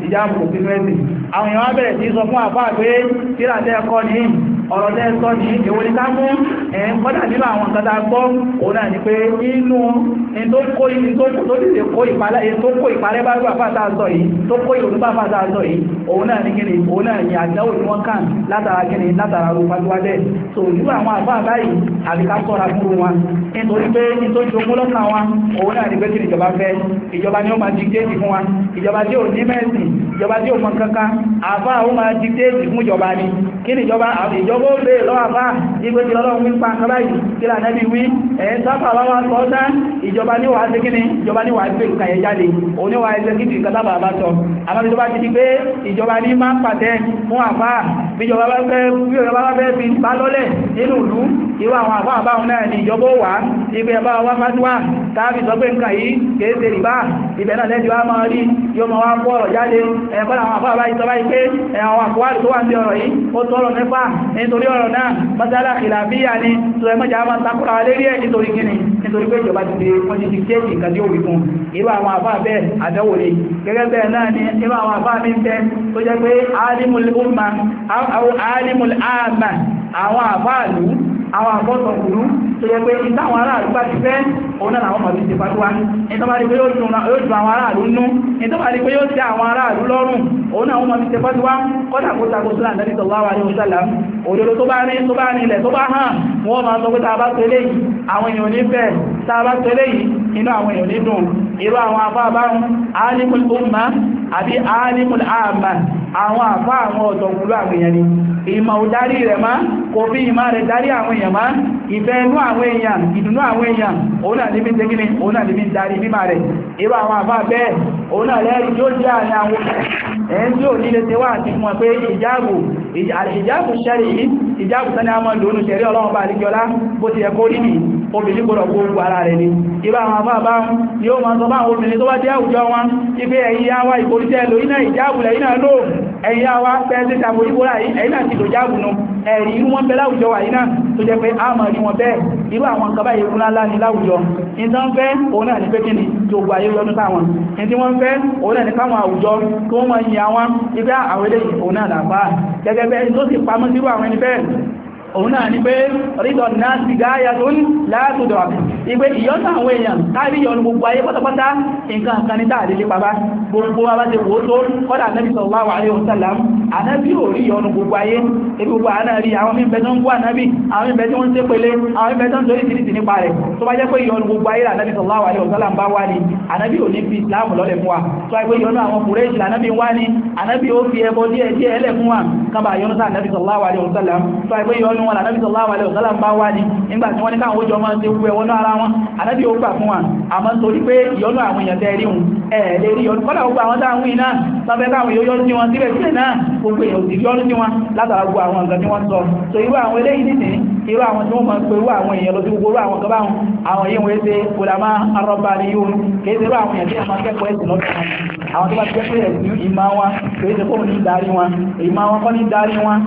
ìjáàbù kò sínú ẹ̀sìn àwọn èèyàn wá bẹ̀rẹ̀ sí ọ̀rọ̀ lẹ́ẹ̀sọ́ ní èwo ní kámú ẹ̀yìn kọ́dà nínú àwọn nǹkan tá a gbọ́ òun náà ni pé inú tó kó ìparẹ́ bá bàbá tá a sọ yìí tó kó ìrònú bàbá tá a sọ yìí òun náà ni kíni òun náà ni àdáwò ni wọ́n kàn látara kíni látara ru pàtíwádẹ́ so nínú àwọn àbá báyìí àbí ká sọ́ra fún wọn nítorí pé nítorí tó mú lọ́kàn wọn òun náà ni pé kí ìjọba fẹ́ ìjọba ni ó máa dictate fún wa ìjọba tí ò ní mẹ́sìn ìjọba tí ò mọ kankan àbá ó máa dictate fún ìjọba ni kí ni ìjọba ọgbọ́n lè lọ́wọ́ bá ipé tí ọlọ́run wí pa kọ́lá yìí kí là nẹ́bí wí ẹ̀yìn sáfà bá wá sọ dá ìjọba ní wàá sí kíni ìjọba ní wàá gbé nǹkan yẹn jáde òun ní wàá ẹsẹ̀ kí tìǹkan sábà bá sọ àmọ́bí tó bá ti di pé ìjọba ní máa ń pàtẹ fún àfá bíjọba bá fẹ́ bíjọba bá fẹ́ fi bá lọ́lẹ̀ nínú ìlú irú àwọn àfá àbáhùn náà ni ìjọba ó wà ibi ẹ̀bá wa fásitì tàbí sọ pé nǹkan yìí kìí ṣe rìbá ibẹ̀ náà lẹ́jọ́ á máa rí yóò máa wá kọ́ ọ̀rọ̀ jáde ẹ̀kọ́ àwọn àfá àbáyìí sọ báyìí pé àwọn àkọwàrí tó wà ní ọ̀rọ̀ yìí ó tọ́rọ̀ mẹ́fà ní nítorí ọ̀rọ̀ náà masala ìlàfíà ni tó ẹmọ́jà máa takúra lérí ẹ̀ nítorí kíni nítorí pé ìjọba ti dé wọ́n ti ti jẹ́ ìkà tí ó wí fún irú àwọn àfá bẹ́ẹ̀ àdẹ́wò lè gẹ́gẹ́ bẹ́ẹ̀ náà ni irú àwọn àfá mi ń bẹ́ tó jẹ́ pé alimul àmà àwọn àfáàlú àwọn àfọ́sọ̀kùrú tó yẹ pé ìtàwọn aráàlú bá ti fẹ́ òun náà àwọn màbí ti fàtíwá ìtọ́bàrí pé yóò dùn àwọn aráàlú nú ìtọ́bàrí pé yóò tẹ́ àwọn aráàlú lọ́rùn òun náà àwọn màbí ti fàtíwá kọ́dà kó tako sílà nàbí sọ̀láwà ní òṣàlá òdòdó tó bá ní tó bá ní ilẹ̀ tó bá hàn wọ́n máa sọ pé tá tẹ́lẹ̀ yìí àwọn èèyàn ní fẹ́ tá tẹ́lẹ̀ yìí inú àwọn èèyàn ní dùn irú àwọn afáàbárun alimul umma àbí alimul amma àwọn àfá àwọn ọ̀tọ̀kùnlú àwọn èèyàn ni ìmọ̀ ò darí rẹ̀ má kò fi ìmọ̀ rẹ̀ darí àwọn èèyàn má ìfẹ́ inú àwọn èèyàn ìdùnnú àwọn èèyàn òun náà ní tegini òun náà ní darí mímà rẹ̀ irú àwọn àfá bẹ́ẹ̀ òun náà lẹ́rí yóò jẹ́ àrin àwọn ẹ̀yìn tí ò nílé tẹwà àti fún wọn pé ìjáàbù ìjáàbù ṣẹ́rì yìí ìjáàbù tán ní a mọ́ ọlọ́run bá àríkíọlá bó ti yẹ kó obìnrin gbọ́dọ̀ gbogbo ara rẹ̀ ni ìbá àwọn àbá bá ní ó máa sọ bá àwọn obìnrin tó bá jẹ́ àwùjọ wọn ibẹ̀ ẹ̀yìn àwá ìkòríṣẹ́ lórí náà ìjáàbùlẹ̀ iná lò ẹ̀yìn àwá pẹ́ẹ́sì tàbí orígbóra ẹ̀yìn àti ìdòjáàbùnú ẹ̀rí inú wọn bẹ́láwùjọ wà iná tó jẹ́ pé a mọ̀ wọn bẹ́ẹ̀ irú àwọn nǹkan báyìí kúnlá ńlá ní láwùjọ ìdán fẹ́ òun náà ní pé kí ni jògbò ayé yọnú sáwọn ìdí wọ́n fẹ́ òun náà ní káwọn àwùjọ tó wọ́n yìí àwọn ibẹ́ àwọn eléyìí òun náà làbá gẹ́gẹ́ bẹ́ẹ̀ tó sì òun náà ni pé rídọ̀ náà sì gáyà tó ń látòdọ̀ ìgbé ìyọ́nà àwọn èèyàn káàrí ìyọ́nà gbogbo ayé pátápátá nǹkan kan ní tààrí lé pàbá gbogbo wa bá ti wò tó kọ́dà anábì sallallahu alaihi wasallam anábì ò rí ìyọ́nà gbogbo ayé ebi gbogbo àná rí àwọn mímbẹ̀ tó ń gbọ́ anábì àwọn mímbẹ̀ tí wọ́n ń sépele àwọn mímbẹ̀ tó ń torí tìrìtì nípa rẹ̀ tó bá jẹ́ pé ìyọ́nà gbogbo ayé anábì sallallahu alaihi ẹnu wọn ànábì sallallahu alaihi wasallam bá wá ní wọ́n ní káwọn ó jọ máa ń ṣe wú ara wọn ànábì ó gbà fún wa àmọ́ torí pé ìyọnú àwọn èèyàn tẹ́ rí ẹ̀ẹ́lẹ́ rí yọnú kọ́lá gbogbo àwọn táwọn iná sọfẹ́ káwọn yóò yọnú sí wọn síbẹ̀ síbẹ̀ náà gbogbo èèyàn òsì yọnú sí wọn látara gbogbo àwọn nǹkan tí wọ́n sọ so irú àwọn eléyìí nìsín irú àwọn tí wọ́n máa ń irú àwọn èèyàn lọ sí gbogbo àwọn kan báwọn àwọn yìí wọ́n ṣe kòlámà arọ́bà ni yóò kì ṣe irú àwọn èèyàn tí wọ́n máa kẹ́kọ̀ọ́ ẹ̀sìn lọ́sọ̀ àwọn tó bá jẹ́ pé ẹ̀sìn ìmá wọn kì ṣe kóhun ní darí wọn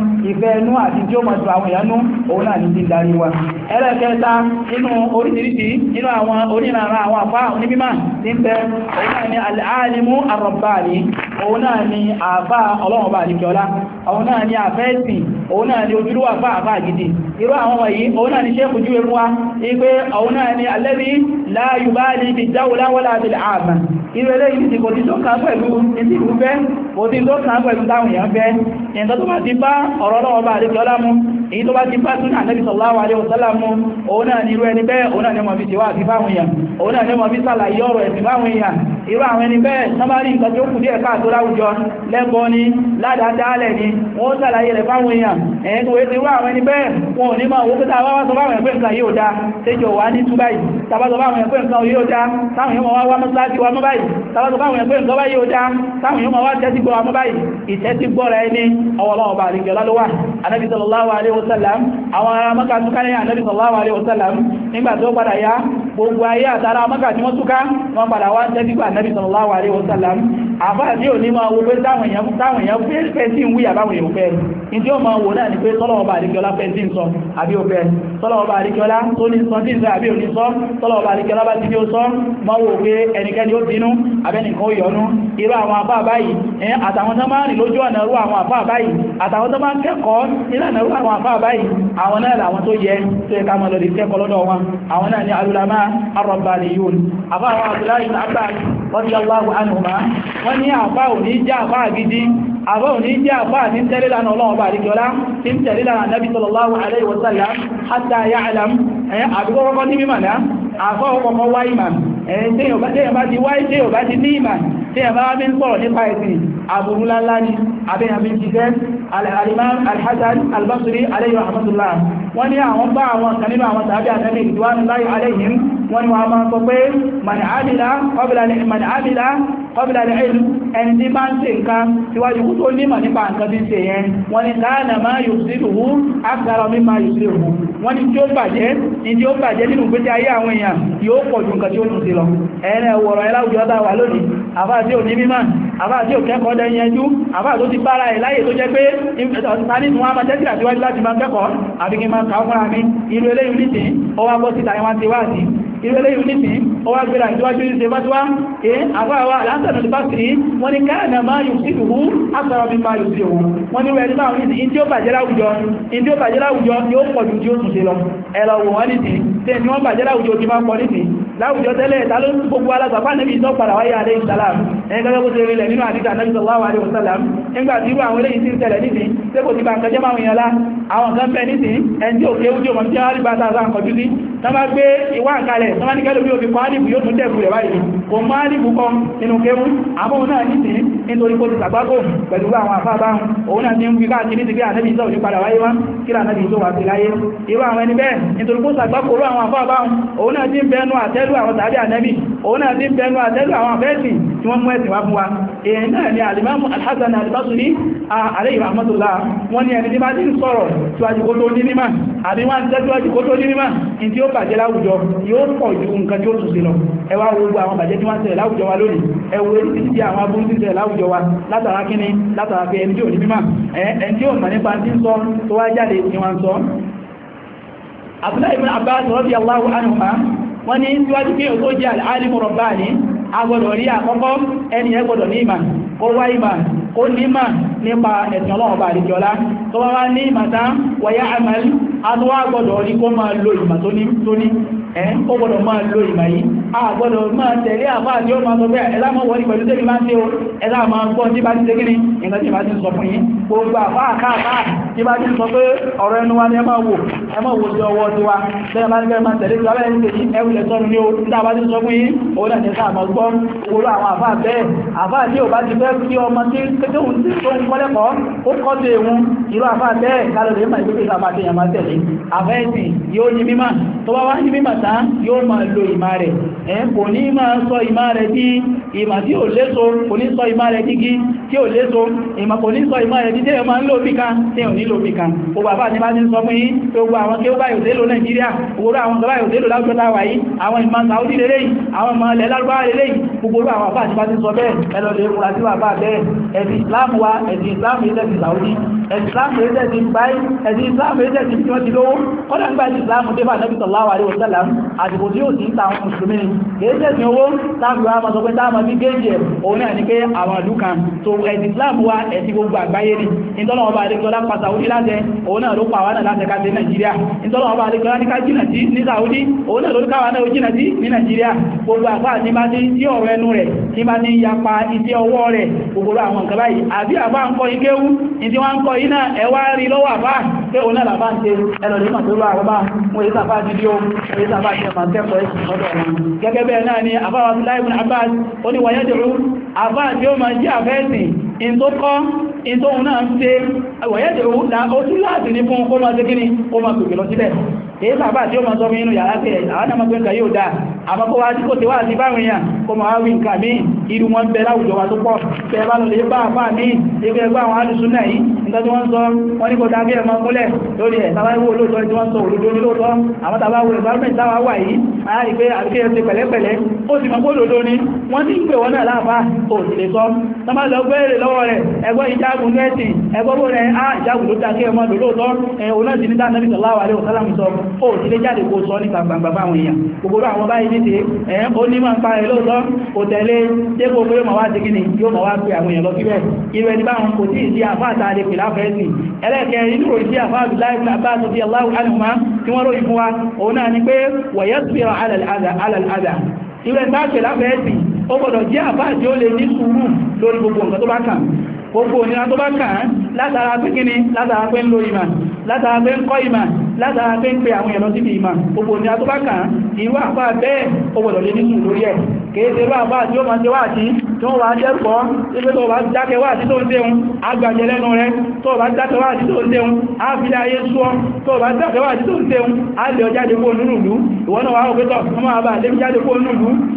ìmá ìyọnú òun náà ní ti darí wa ẹlẹ́kẹta nínú oríṣiríṣi nínú àwọn oníranra àwọn àfá onímímọ̀ tí ń bẹ òun náà ni al-alimu ar-rabbani òun náà ni àfá ọlọ́run bá àdìkọ́lá òun náà ni àfẹ́ẹ̀sìn òun náà ni ojúlú àfá àfá gidi irú àwọn wọ̀nyí òun náà ni ṣékù jú ewu wa ipé òun náà ni alladhi la yubali bid-dawla wala bil-'amma irú eléyìí ti kò ti tó kàn pẹ̀lú ìdí ìrúfẹ́ kò ti tó kàn pẹ̀lú táwọn èèyàn fẹ́ ìyẹn tó tó bá ti bá ọ̀rọ̀ ọlọ́wọ́ bá àdìkọ́lá mú èyí tó bá ti bá súnà Ànábì sallallahu alaihi wasallam òun náà ni irú ẹni bẹ́ẹ̀ òun náà ni ọmọ fi tèwà àti fáwọn èèyàn òun náà ni ọmọ fi sàlàyé ọ̀rọ̀ ẹ̀sìn fáwọn èèyàn irú àwọn ẹni bẹ́ẹ̀ sọ́mọ́rí nǹkan tí ó kù díẹ̀ káàtó láwùjọ lẹ́bọ ni ládàádáálẹ̀ ni wọ́n sàlàyé rẹ̀ fáwọn èèyàn ẹ̀yìn tó wéte irú àwọn ẹni bẹ́ẹ̀ wọn ò ní máa wó pẹ́ta wá sọ fáwọn ẹ̀pẹ́ nǹkan yóò dá tẹ́jọ wà ní tú dá táwọn wá wá mọ́síláàtì tàbátọ̀ fáwọn ẹ̀pẹ́ nǹkan báyìí yóò wasallam àwọn ará maka túká lẹ́yìn ànábì sallallahu alaihi wasallam nígbà tó padà yá gbogbo ayé àtàrà maka tí wọ́n túká wọ́n padà wá tẹ́bí pa ànábì sallallahu alaihi wasallam àfáà tí ò ní máa wo pé táwọn èèyàn fẹ́ sí ń wí àbáwọn èèyàn fẹ́ ìdí ó máa wò náà ni pé tọ́lọ̀ọba àríkẹ́ọlá fẹ́ sí ń sọ àbí ó fẹ́ tọ́lọ̀ọba àríkẹ́ọlá tó ní sọ sí ń sọ àbí ò ní sọ tọ́lọ̀ọba àríkẹ́ọlá bá ti ní ó sọ máa wò pé ẹnikẹ́ni ó bínú abẹ́nìkan ó yọnu irú àwọn àbá báyìí àtàwọn tó máa rìn lójú ọ̀nà irú àwọn àbá báyìí àtàwọn tó máa kẹ́kọ̀ọ́ nílànà irú àwọn àbá àfáà báyìí àwọn náà làwọn tó yẹ tó yẹ káàmà lọ́dí kẹ́kọ̀ọ́ lọ́dọ̀ wọn àwọn náà ni alùlámà arọ̀bàníyùn àfáà àwọn abdullahi abbas radiyallahu anhuma wọ́n ní àfáà ò ní jẹ́ àfáà gidi àbá òní jẹ́ àbá àti ń tẹ́lé lánà ọlọ́wọ́ bá àríkẹ́ọlá tí ń tẹ̀lé lánà nábi sallallahu alaihi wasallam hatta ya'lam ẹ̀yẹn àbíkọ́kọ́kọ́ ní mímọ̀ náà àfọ́ ọkọ̀kọ́ wáyìmà ẹ̀yẹn tí yóò bá ti wáyìí tí ẹ̀bá wá bí ń pọ̀rọ̀ nípa ẹ̀sìn àbúrú láńlá ní abẹ́yàmí jíṣẹ́ al-imam al-hassan al-basri alayhi rahmatullah wọ́n ní àwọn bá àwọn kan kọbílá ní ẹ̀lú ẹni tí bá ń ṣe nǹkan síwájú kú tó nímọ̀ nípa nǹkan tí ń ṣe yẹn wọ́n ni káàna máa yóò sí ìhú àgbàrọ̀ mi máa yóò sí ìhú wọ́n ni tí ó bàjẹ́ ní tí ó bàjẹ́ nínú gbé ayé àwọn èèyàn yóò pọ̀ ju nǹkan tí ó tún sí lọ ẹ̀rẹ́ wọ̀rọ̀ ẹláwùjọ dá wà lónìí àbá tí ò ní mímọ̀ àbá tí ò kẹ́kọ̀ọ́ dẹ yẹnjú àbá tó ti bára ẹ̀ láyè tó jẹ́ pé ìtàní tí máa tẹ́sí àtiwájú láti máa kẹ́kọ̀ọ́ àbí kí n máa kà fúnra mi irú eléyìí nìsín ó wá bọ́ síta ẹwà ti wá sí irú eléyìí nìsín ó wá gbéra ìtíwájú ní ṣe fásiwá Hasan al-Basri wọ́n ni káàna máa yóò sí ìhú asọ̀rọ̀ mi máa yóò sí òun wọ́n ni wẹ̀rí máa ní ìdí ó bàjẹ́ láwùjọ ìdí ó bàjẹ́ láwùjọ ni ó pọ̀ ju tí ó tún ṣe lọ ẹ̀lọ wò wọ́n nìtì tẹ́ ni wọ́n bàjẹ́ láwùjọ ti máa pọ̀ nìtì láwùjọ tẹ́lẹ̀ ta ló ń gbogbo alágbàpá níbi ìtọ́ padà wáyé alẹ́ ìsàlám ẹni gẹ́gẹ́ bó ṣe rí lẹ̀ nínú àdíjà náà sallallahu alaihi wasallam nígbà tí irú àwọn eléyìí sí ń tẹ̀lẹ̀ nìsín tí kò ti bá nǹkan jẹ́ máa wìyànlá àwọn nǹkan bẹ́ẹ̀ nìsín ẹni tí òkè ojú ọmọ tí wọ́n rí bá sáà sáà kọjú sí tọ́bá gbé ìwá ǹkalẹ̀ tọ́bá ní kẹ́lú bí omi kọ́álìbù yóò tún dẹ̀kù rẹ̀ báyìí kò mọ́álìbù kan nínú kéwú àbóhun náà ní sí nítorí kó ti sàgbákò pẹ̀lú àwọn àfáàbá òun náà ti ń wíká àti nítorí ànẹ́bì ìṣọ́ òjúpadà wáyé wá kí ànẹ́bì ìṣọ́ wà sí láyé irú àwọn ẹni bẹ́ẹ̀ nítorí kó sàgbákò rú àwọn àfáàbá òun náà tí wọ́n mú ẹ̀sìn wá fún wa èèyàn náà ni alimamu alhassan albasuri alayhi rahmatullah wọ́n ni ẹni tí bá ti ń sọ̀rọ̀ síwájú kó tó ní mímá àbí wọ́n tẹ́ síwájú kó tó ní mímá in tí ó bàjẹ́ láwùjọ yóò pọ̀ ju nǹkan tí ó tún sí lọ ẹ wá wo gbogbo àwọn bàjẹ́ tí wọ́n tẹ̀ láwùjọ wa lónìí ẹ wo èyí tí àwọn aburú ti ẹni tí wọ́n agbọ́dọ̀ rí àkọ́kọ́ ẹni ẹgbọ́dọ̀ ní ìmà kó wá ìmà kó nímà nípa ẹ̀sìn ọlọ́run bá àríkíọlá tó bá wá ní ìmàtá wàyá àmàlì àtúwà gbọ́dọ̀ ní kó máa lo ìmà tó ní ẹ̀ ó gbọ́dọ̀ máa lo ìmà yìí a gbọ́dọ̀ máa tẹ̀lé àfáà tí ó máa sọ pé ẹlámọ́ wọ́n ní pẹ̀lú tẹ́lẹ̀ máa ń tẹ́ o ẹlá wa ni ẹ máa wò ẹ máa wò sí ọwọ́ tiwa bẹ́ẹ̀ máa ń bẹ́ẹ̀ máa tẹ̀lé ìgbà bẹ́ẹ̀ ń tẹ̀lé ẹwùlẹ̀ sọ́nu ní o tí a bá ti sọ fún yín òun náà ti sáà máa gbọ́ owó àwọn àfáà bẹ́ẹ̀ àfáà tí ò bá ti fẹ́ pé òun tí ó ń kọ́lẹ́kọ̀ọ́ ó kọ́ sí ewu irú àfáà bẹ́ẹ̀ lálọ́dẹ̀ máa ìgbésẹ̀ ìfàmàtẹ̀yàn máa tẹ̀lé àfẹ́ẹ̀sì yóò ní mímá tó bá wá ní mímá tán yóò máa lo ìmá rẹ̀ ẹ̀yìn kò ní máa sọ ìmá rẹ̀ bí ìmá tí ò léso kò ní sọ ìmá rẹ̀ dígí tí ò léso ìmá kò ní sọ ìmá rẹ̀ dídé ẹ̀ máa ń lò bíká tí ò ní ti sọ fún yín gbogbo àwọn tí ó bá yòdé lò nàìjíríà gbogbo àwọn tó bá yòdé lò láwùjọ tá wà yìí àwọn ìmá sàúdí lélẹ̀ àwọn ìmọ̀ ilẹ̀ lárúbáwá lélẹ̀ gbogbo àwọn àbá ti bá ti sọ bẹ́ẹ̀ ẹlọ́dẹ̀ ẹ̀sìn ìsìláàmù wa ẹ̀sìn ìsìláàmù ilẹ̀ ti sàúdí ẹ̀sìn ìsìláàmù ilẹ̀ ti báyìí ẹ̀sìn ìsìláàmù ilẹ̀ ti fi wọ́n ti lówó kọ́dà ń gba ìsìláàmù dé bá nẹ́bí sallallahu alaihi wasallam àdìbò tí ó sì ń ta àwọn mùsùlùmí ni kìí sẹ́sìn owó táàbí wa máa sọ pé táàmà bí géèjì òun náà ní pé àwọn ìlú kan tó ẹ̀sìn ìsìláàmù wa ẹ̀sìn gbogbo àgbáyé ni ìtọ́nà ọba àdékọ́lá pa Saudi láṣẹ òun náà ló pa àwa náà láṣẹ ká dé Nàìjíríà ìtọ́nà ọba àdékọ́lá Saudi òun náà ló káwa náà jìnà sí ní Nàìjíríà gbogbo àfáà ní bá yapa iṣẹ́ ọwọ́ rẹ̀ gbogbo àwọn nǹkan báyìí àbí àfáà ń kọ́ ikéwu ìdí wọn ń kọ́ iná mọ̀ tó láàrọ̀ bá wọ́n yí sàfá dídí o wọ́n yí sàfá jẹ́ ma tẹ́kọ̀ọ́ ẹ̀sìn ọdọ̀ wọn gẹ́gẹ́ bẹ́ẹ̀ náà ni àfáwà Abdullahi ibn Abbas ó ní wàyẹ́ dìrú àfá tí ó máa jẹ́ àfẹ́sìn in tó kọ́ in tó hun náà ń ṣe wàyẹ́ dìrú na ó tún láti ní fún kó máa sékíní kó máa mi irú wọn bẹ láwùjọ wa tó pọ̀ bẹ bá lọ lè bá àfáà ní ẹgbẹ́ ẹgbẹ́ àwọn alùsùn náà yìí nǹkan tí wọ́n sọ wọ́n ní kò dágé ẹ̀mọ́ múlẹ̀ lórí ẹ̀ tàbá ìwò olóòtọ́ tí wọ́n sọ òdodo ní lóòtọ́ àwọn tàbá wo environment táwa wà yìí àárí pé àbíké ẹ ti pẹ̀lẹ́pẹ̀lẹ́ ó sì mọ̀ lòdó ni wọ́n ti ń pè wọ́n náà láàfá kò sì lè sọ tọ́mọ́ lọ gbẹ́rẹ̀ lọ́wọ́ rẹ̀ ẹgbọ́ ìjágùn nẹ́ẹ̀sì ṣé kò pé yóò máa wá sí kíni yóò máa wá pé àwọn èèyàn lọ síbẹ̀ irú ẹni báwọn kò tí ì sí àfáà tá a lè pè láfẹ́ sí ẹlẹ́ẹ̀kẹ́ inú ròyìn sí àfáà Abdullahi ibn Abbas ti Allahu anhuma tí wọ́n ròyìn fún wa òun náà ni látara pé kíni látara pé ń lo ìmà látara pé ń kọ́ ìmà látara pé ń pe àwọn èèyàn lọ síbi ìmà gbogbo ní ató bá kàn irú àpá bẹ́ẹ̀ ó gbọ́dọ̀ lé nínú lórí ẹ̀ kéèké irú àpá tí ó máa ṣe wá àti tí wọ́n wá jẹ́kọ́ ilé tó bá dákẹ́ wá àti tó ń déun agbàjẹ lẹ́nu rẹ tó bá dákẹ́ wá àti tó ń déun á ayé sọ tó bá dákẹ́ wá àti tó ń déun á lè ọjáde kó ìwọ́n náà wá òkútọ̀ wọ́n máa bá lé jáde kó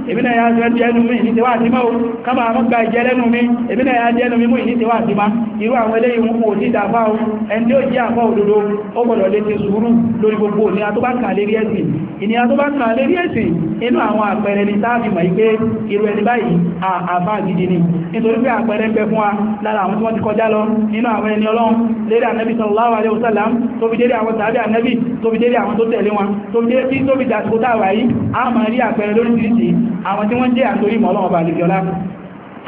èmi náà yá jẹ́ jẹ́nu mi ní tẹwà àti máa kama àwọn gba ìjẹ́ lẹ́nu mi èmi ya yá jẹ́nu mi mú ìní tẹwà àti máa irú àwọn eléyìí wọn kò sí ìdàfà o ẹni tí ó jẹ́ àfà òdodo ó gbọ́dọ̀ lè ti sùúrù lórí gbogbo ìnira tó kà lérí ẹ̀sìn ìnira tó kà lérí ẹ̀sìn inú àwọn àpẹẹrẹ ni táàbì mọ̀ pé irú ẹni báyìí àfà gidi ni nítorí pé àpẹẹrẹ ń bẹ fún wa lára àwọn tí wọ́n ti kọjá lọ nínú àwọn ẹni ọlọ́run lérí ànẹ́bí sallallahu alaihi wasallam tó fi dérí àwọn tàbí ànẹ́bí tó fi dérí àwọn tó tẹ̀lé wọn tó fi dásìkò táwà yìí a rí àpẹẹrẹ lórí àwọn tí wọ́n jẹ́ àtòrí mọ́ ọlọ́wọ́ bá lè jọlá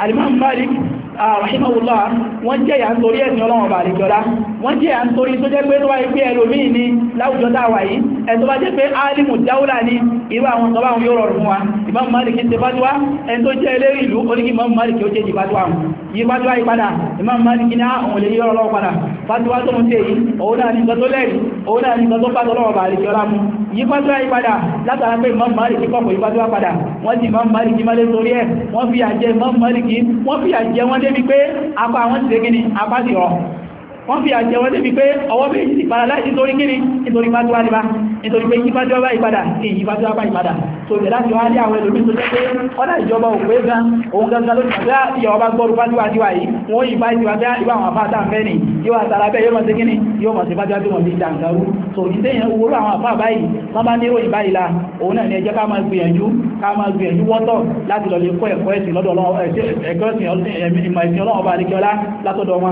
alimam Malik Ah, rahimahullah wọ́n jẹ́ yà ń torí ẹ̀sìn ọlọ́run bàrí jọlá wọ́n jẹ́ yà ń torí tó jẹ́ pé tó bá yí pé ẹlòmíì ní láwùjọ dáwà yìí ẹ̀tó bá jẹ́ pé alimu dáúlà ní irú àwọn tọ́bá wọn yóò rọrùn wa Imam Malik ti fàtíwá ẹni tó jẹ́ eléré ìlú oníkí Imam Malik ó jẹ́ jì fàtíwá yí fàtíwá yí padà Imam Malik ní àwọn ah, olè yọ́rọ̀ lọ́wọ́ padà fàtíwá tó ń tẹ́ yìí òun náà ní nǹkan tó lẹ́rìí òun náà ní nǹkan tó pàtó lọ́wọ́ bàrí jọlá mú yí fàtíwá yí padà látara pé Imam Malik kọ̀kọ̀ yí fàtíwá padà wọ́n ti Imam Malik má débi pé apá àwọn ti dégíní apá ti rọ wọ́n fi àjẹ́ wọ́n débi pé ọwọ́ méjì ti para láti torí kíni nítorí bá tíwá nípa nítorí pé yípa tíwá bá ìpadà sí yípa tíwá bá ìpadà tó lè láti wá ní àwọn ẹlòmí tó jẹ́ pé ọ́nà ìjọba òpé gan òun gangan ló ti pẹ́ ah, ìyàwó bá gbọ́rù bá tíwá tíwá yìí wọ́n yìí bá tíwá tíwá ìwà àwọn afá tá fẹ́ ni yóò àtàrà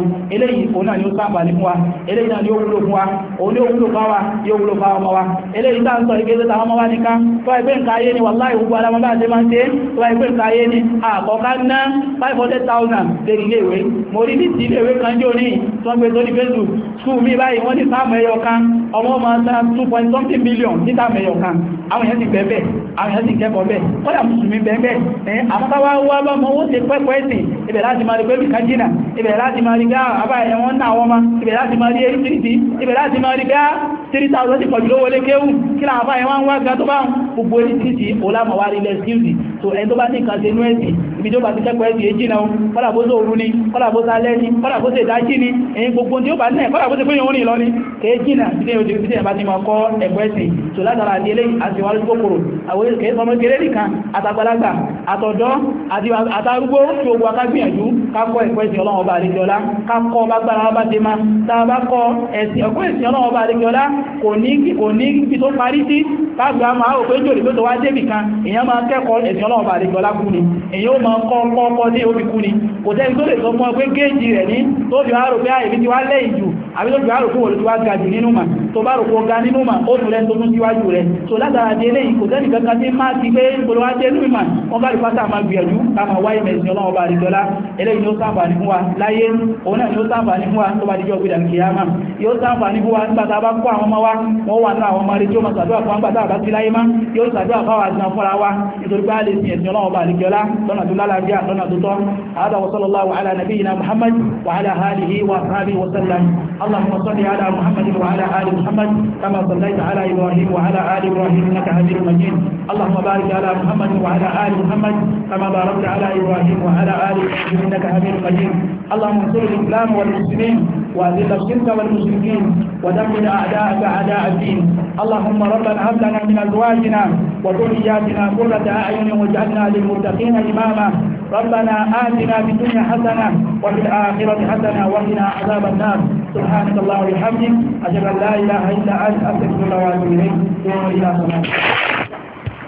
bẹ́ẹ̀ yóò mọ̀ sàǹfààní fún wa eléyìí náà ni ó wúlò fún wa òun ni ó wúlò fún wa yóò wúlò fún ọmọ wa eléyìí tá ń sọ ìgbésẹ̀ tàwọn ọmọ wa nìkan tó wáyé pé nǹkan ayé ni wàláì gbogbo alamọ́ bá ṣe máa ṣe tó wáyé nǹkan ayé ni àkọ́kọ́ ná 500,000 lè ilé ìwé mo ní ti ìwé kan jò ní tọ́gbé tó ní facebook school mi báyìí wọ́n ní sáàmù ẹyọ something million ní sáàmù ẹyọ kan àwọn èèyàn ti bẹ̀ẹ̀bẹ̀ àwọn èèyàn ti kẹ́kọ̀ọ́ bẹ̀ kọ́yà mùsùlùmí bẹ̀ẹ̀bẹ̀ àmọ́káwá wá bá wọn ibẹ̀ láti máa rí èyí tìrìtì ibẹ̀ láti máa rí gáà tìrì tààzọ́ ti pọ̀jù lówó lé kéwù kí láàfà ẹ̀wọ̀n wá gan tó bá ń gbogbo orí tìrìtì olámọ̀wá rí lẹ́sìkìrìtì so ẹni tó bá ní nǹkan ṣe inú ẹ̀sìn ibi tó bá ti kẹ́kọ̀ọ́ ẹ̀sìn èjì náà kọ́làbóso òru ni kọ́làbóso alẹ́ ni kọ́làbóso ìdájí ni èyí gbogbo tí ó bá náà kọ́làbóso fún ìhun ìlọ ni kéèjì náà bí i ojú ìdíyàn bá ti máa kọ́ ẹ̀kọ́ ẹ̀sìn so látara àti eléyìí àti wà lójú kòkòrò àwọn èsì ọmọ kéré nìkan àtàgbàlagbà àtọ̀dọ́ àti àtàrúgbó tí ogun akágbìyànjú ká kọ́ ẹ̀kọ́ ẹ̀sìn ọlọ́run ọba àlejò ọlá ká kọ́ ọba gbára bá ti ma tàbá kọ ẹ̀sìn ọ̀gbọ́n ìsìn ọlọ́wọ́ bá adékẹ́ọlá kò ní ibi tó parí sí a máa ò pé jòrì tó tó wá débì kan èyàn máa kẹ́kọ̀ọ́ ẹ̀sìn ọlọ́wọ́ bá adékẹ́ọlá kú ni èyàn ó máa kọ́ kọ́kọ́ dé omi kú ni kò tẹ́ni tó lè sọ fún ọ pé géèjì rẹ̀ ní tó fi wá rò pé àìbí ah, ti tó bá rò kó ga nínú mà ó tún lẹ́nu tó tún síwájú rẹ̀ tó látara di eléyìí kò sẹ́nì kankan tí máa ti pé polówá jẹ́ nínú ìmà wọn bá rí pátá máa gbìyànjú ká máa wáyé mẹ́sìn ọlọ́run bá rí jọlá eléyìí ni ó ṣàǹfààní fún wa láyé òun náà ni ó ṣàǹfààní fún wa tó bá dijọ́ gbéra kìyàmà yóò ṣàǹfààní fún wa nígbà tá a bá kó àwọn ọmọ wa wọn wà nínú àwọn ọmọ rẹ tí ó máa ṣàdúrà fún àgbàtà àbá sí láyé má yóò ṣàdúrà fáwọn àti fúnra wa nítorí bá lè sin ẹ̀sìn ọlọ́run bá rí jọlá lọ́nà tó lálàáfíà lọ́nà tó tọ́ هذا وصلى الله على نبينا محمد وعلى آله وأصحابه وسلم اللهم صل على محمد وعلى آله محمد كما صليت على إبراهيم وعلى آل إبراهيم إنك حميد مجيد اللهم بارك على محمد وعلى آل محمد كما باركت على إبراهيم وعلى آل إبراهيم إنك حميد مجيد اللهم انصر الإسلام والمسلمين وأذل الشرك والمشركين ودمر أعداءك أعداء الدين اللهم ربنا هب لنا من أزواجنا وذرياتنا قرة أعين واجعلنا للمتقين إماما ربنا آتنا في الدنيا حسنة وفي الآخرة حسنة وقنا عذاب النار سبحانك اللهم وبحمدك أشهد أن لا إله إلا أنت أستغفرك وأتوب إليك إلى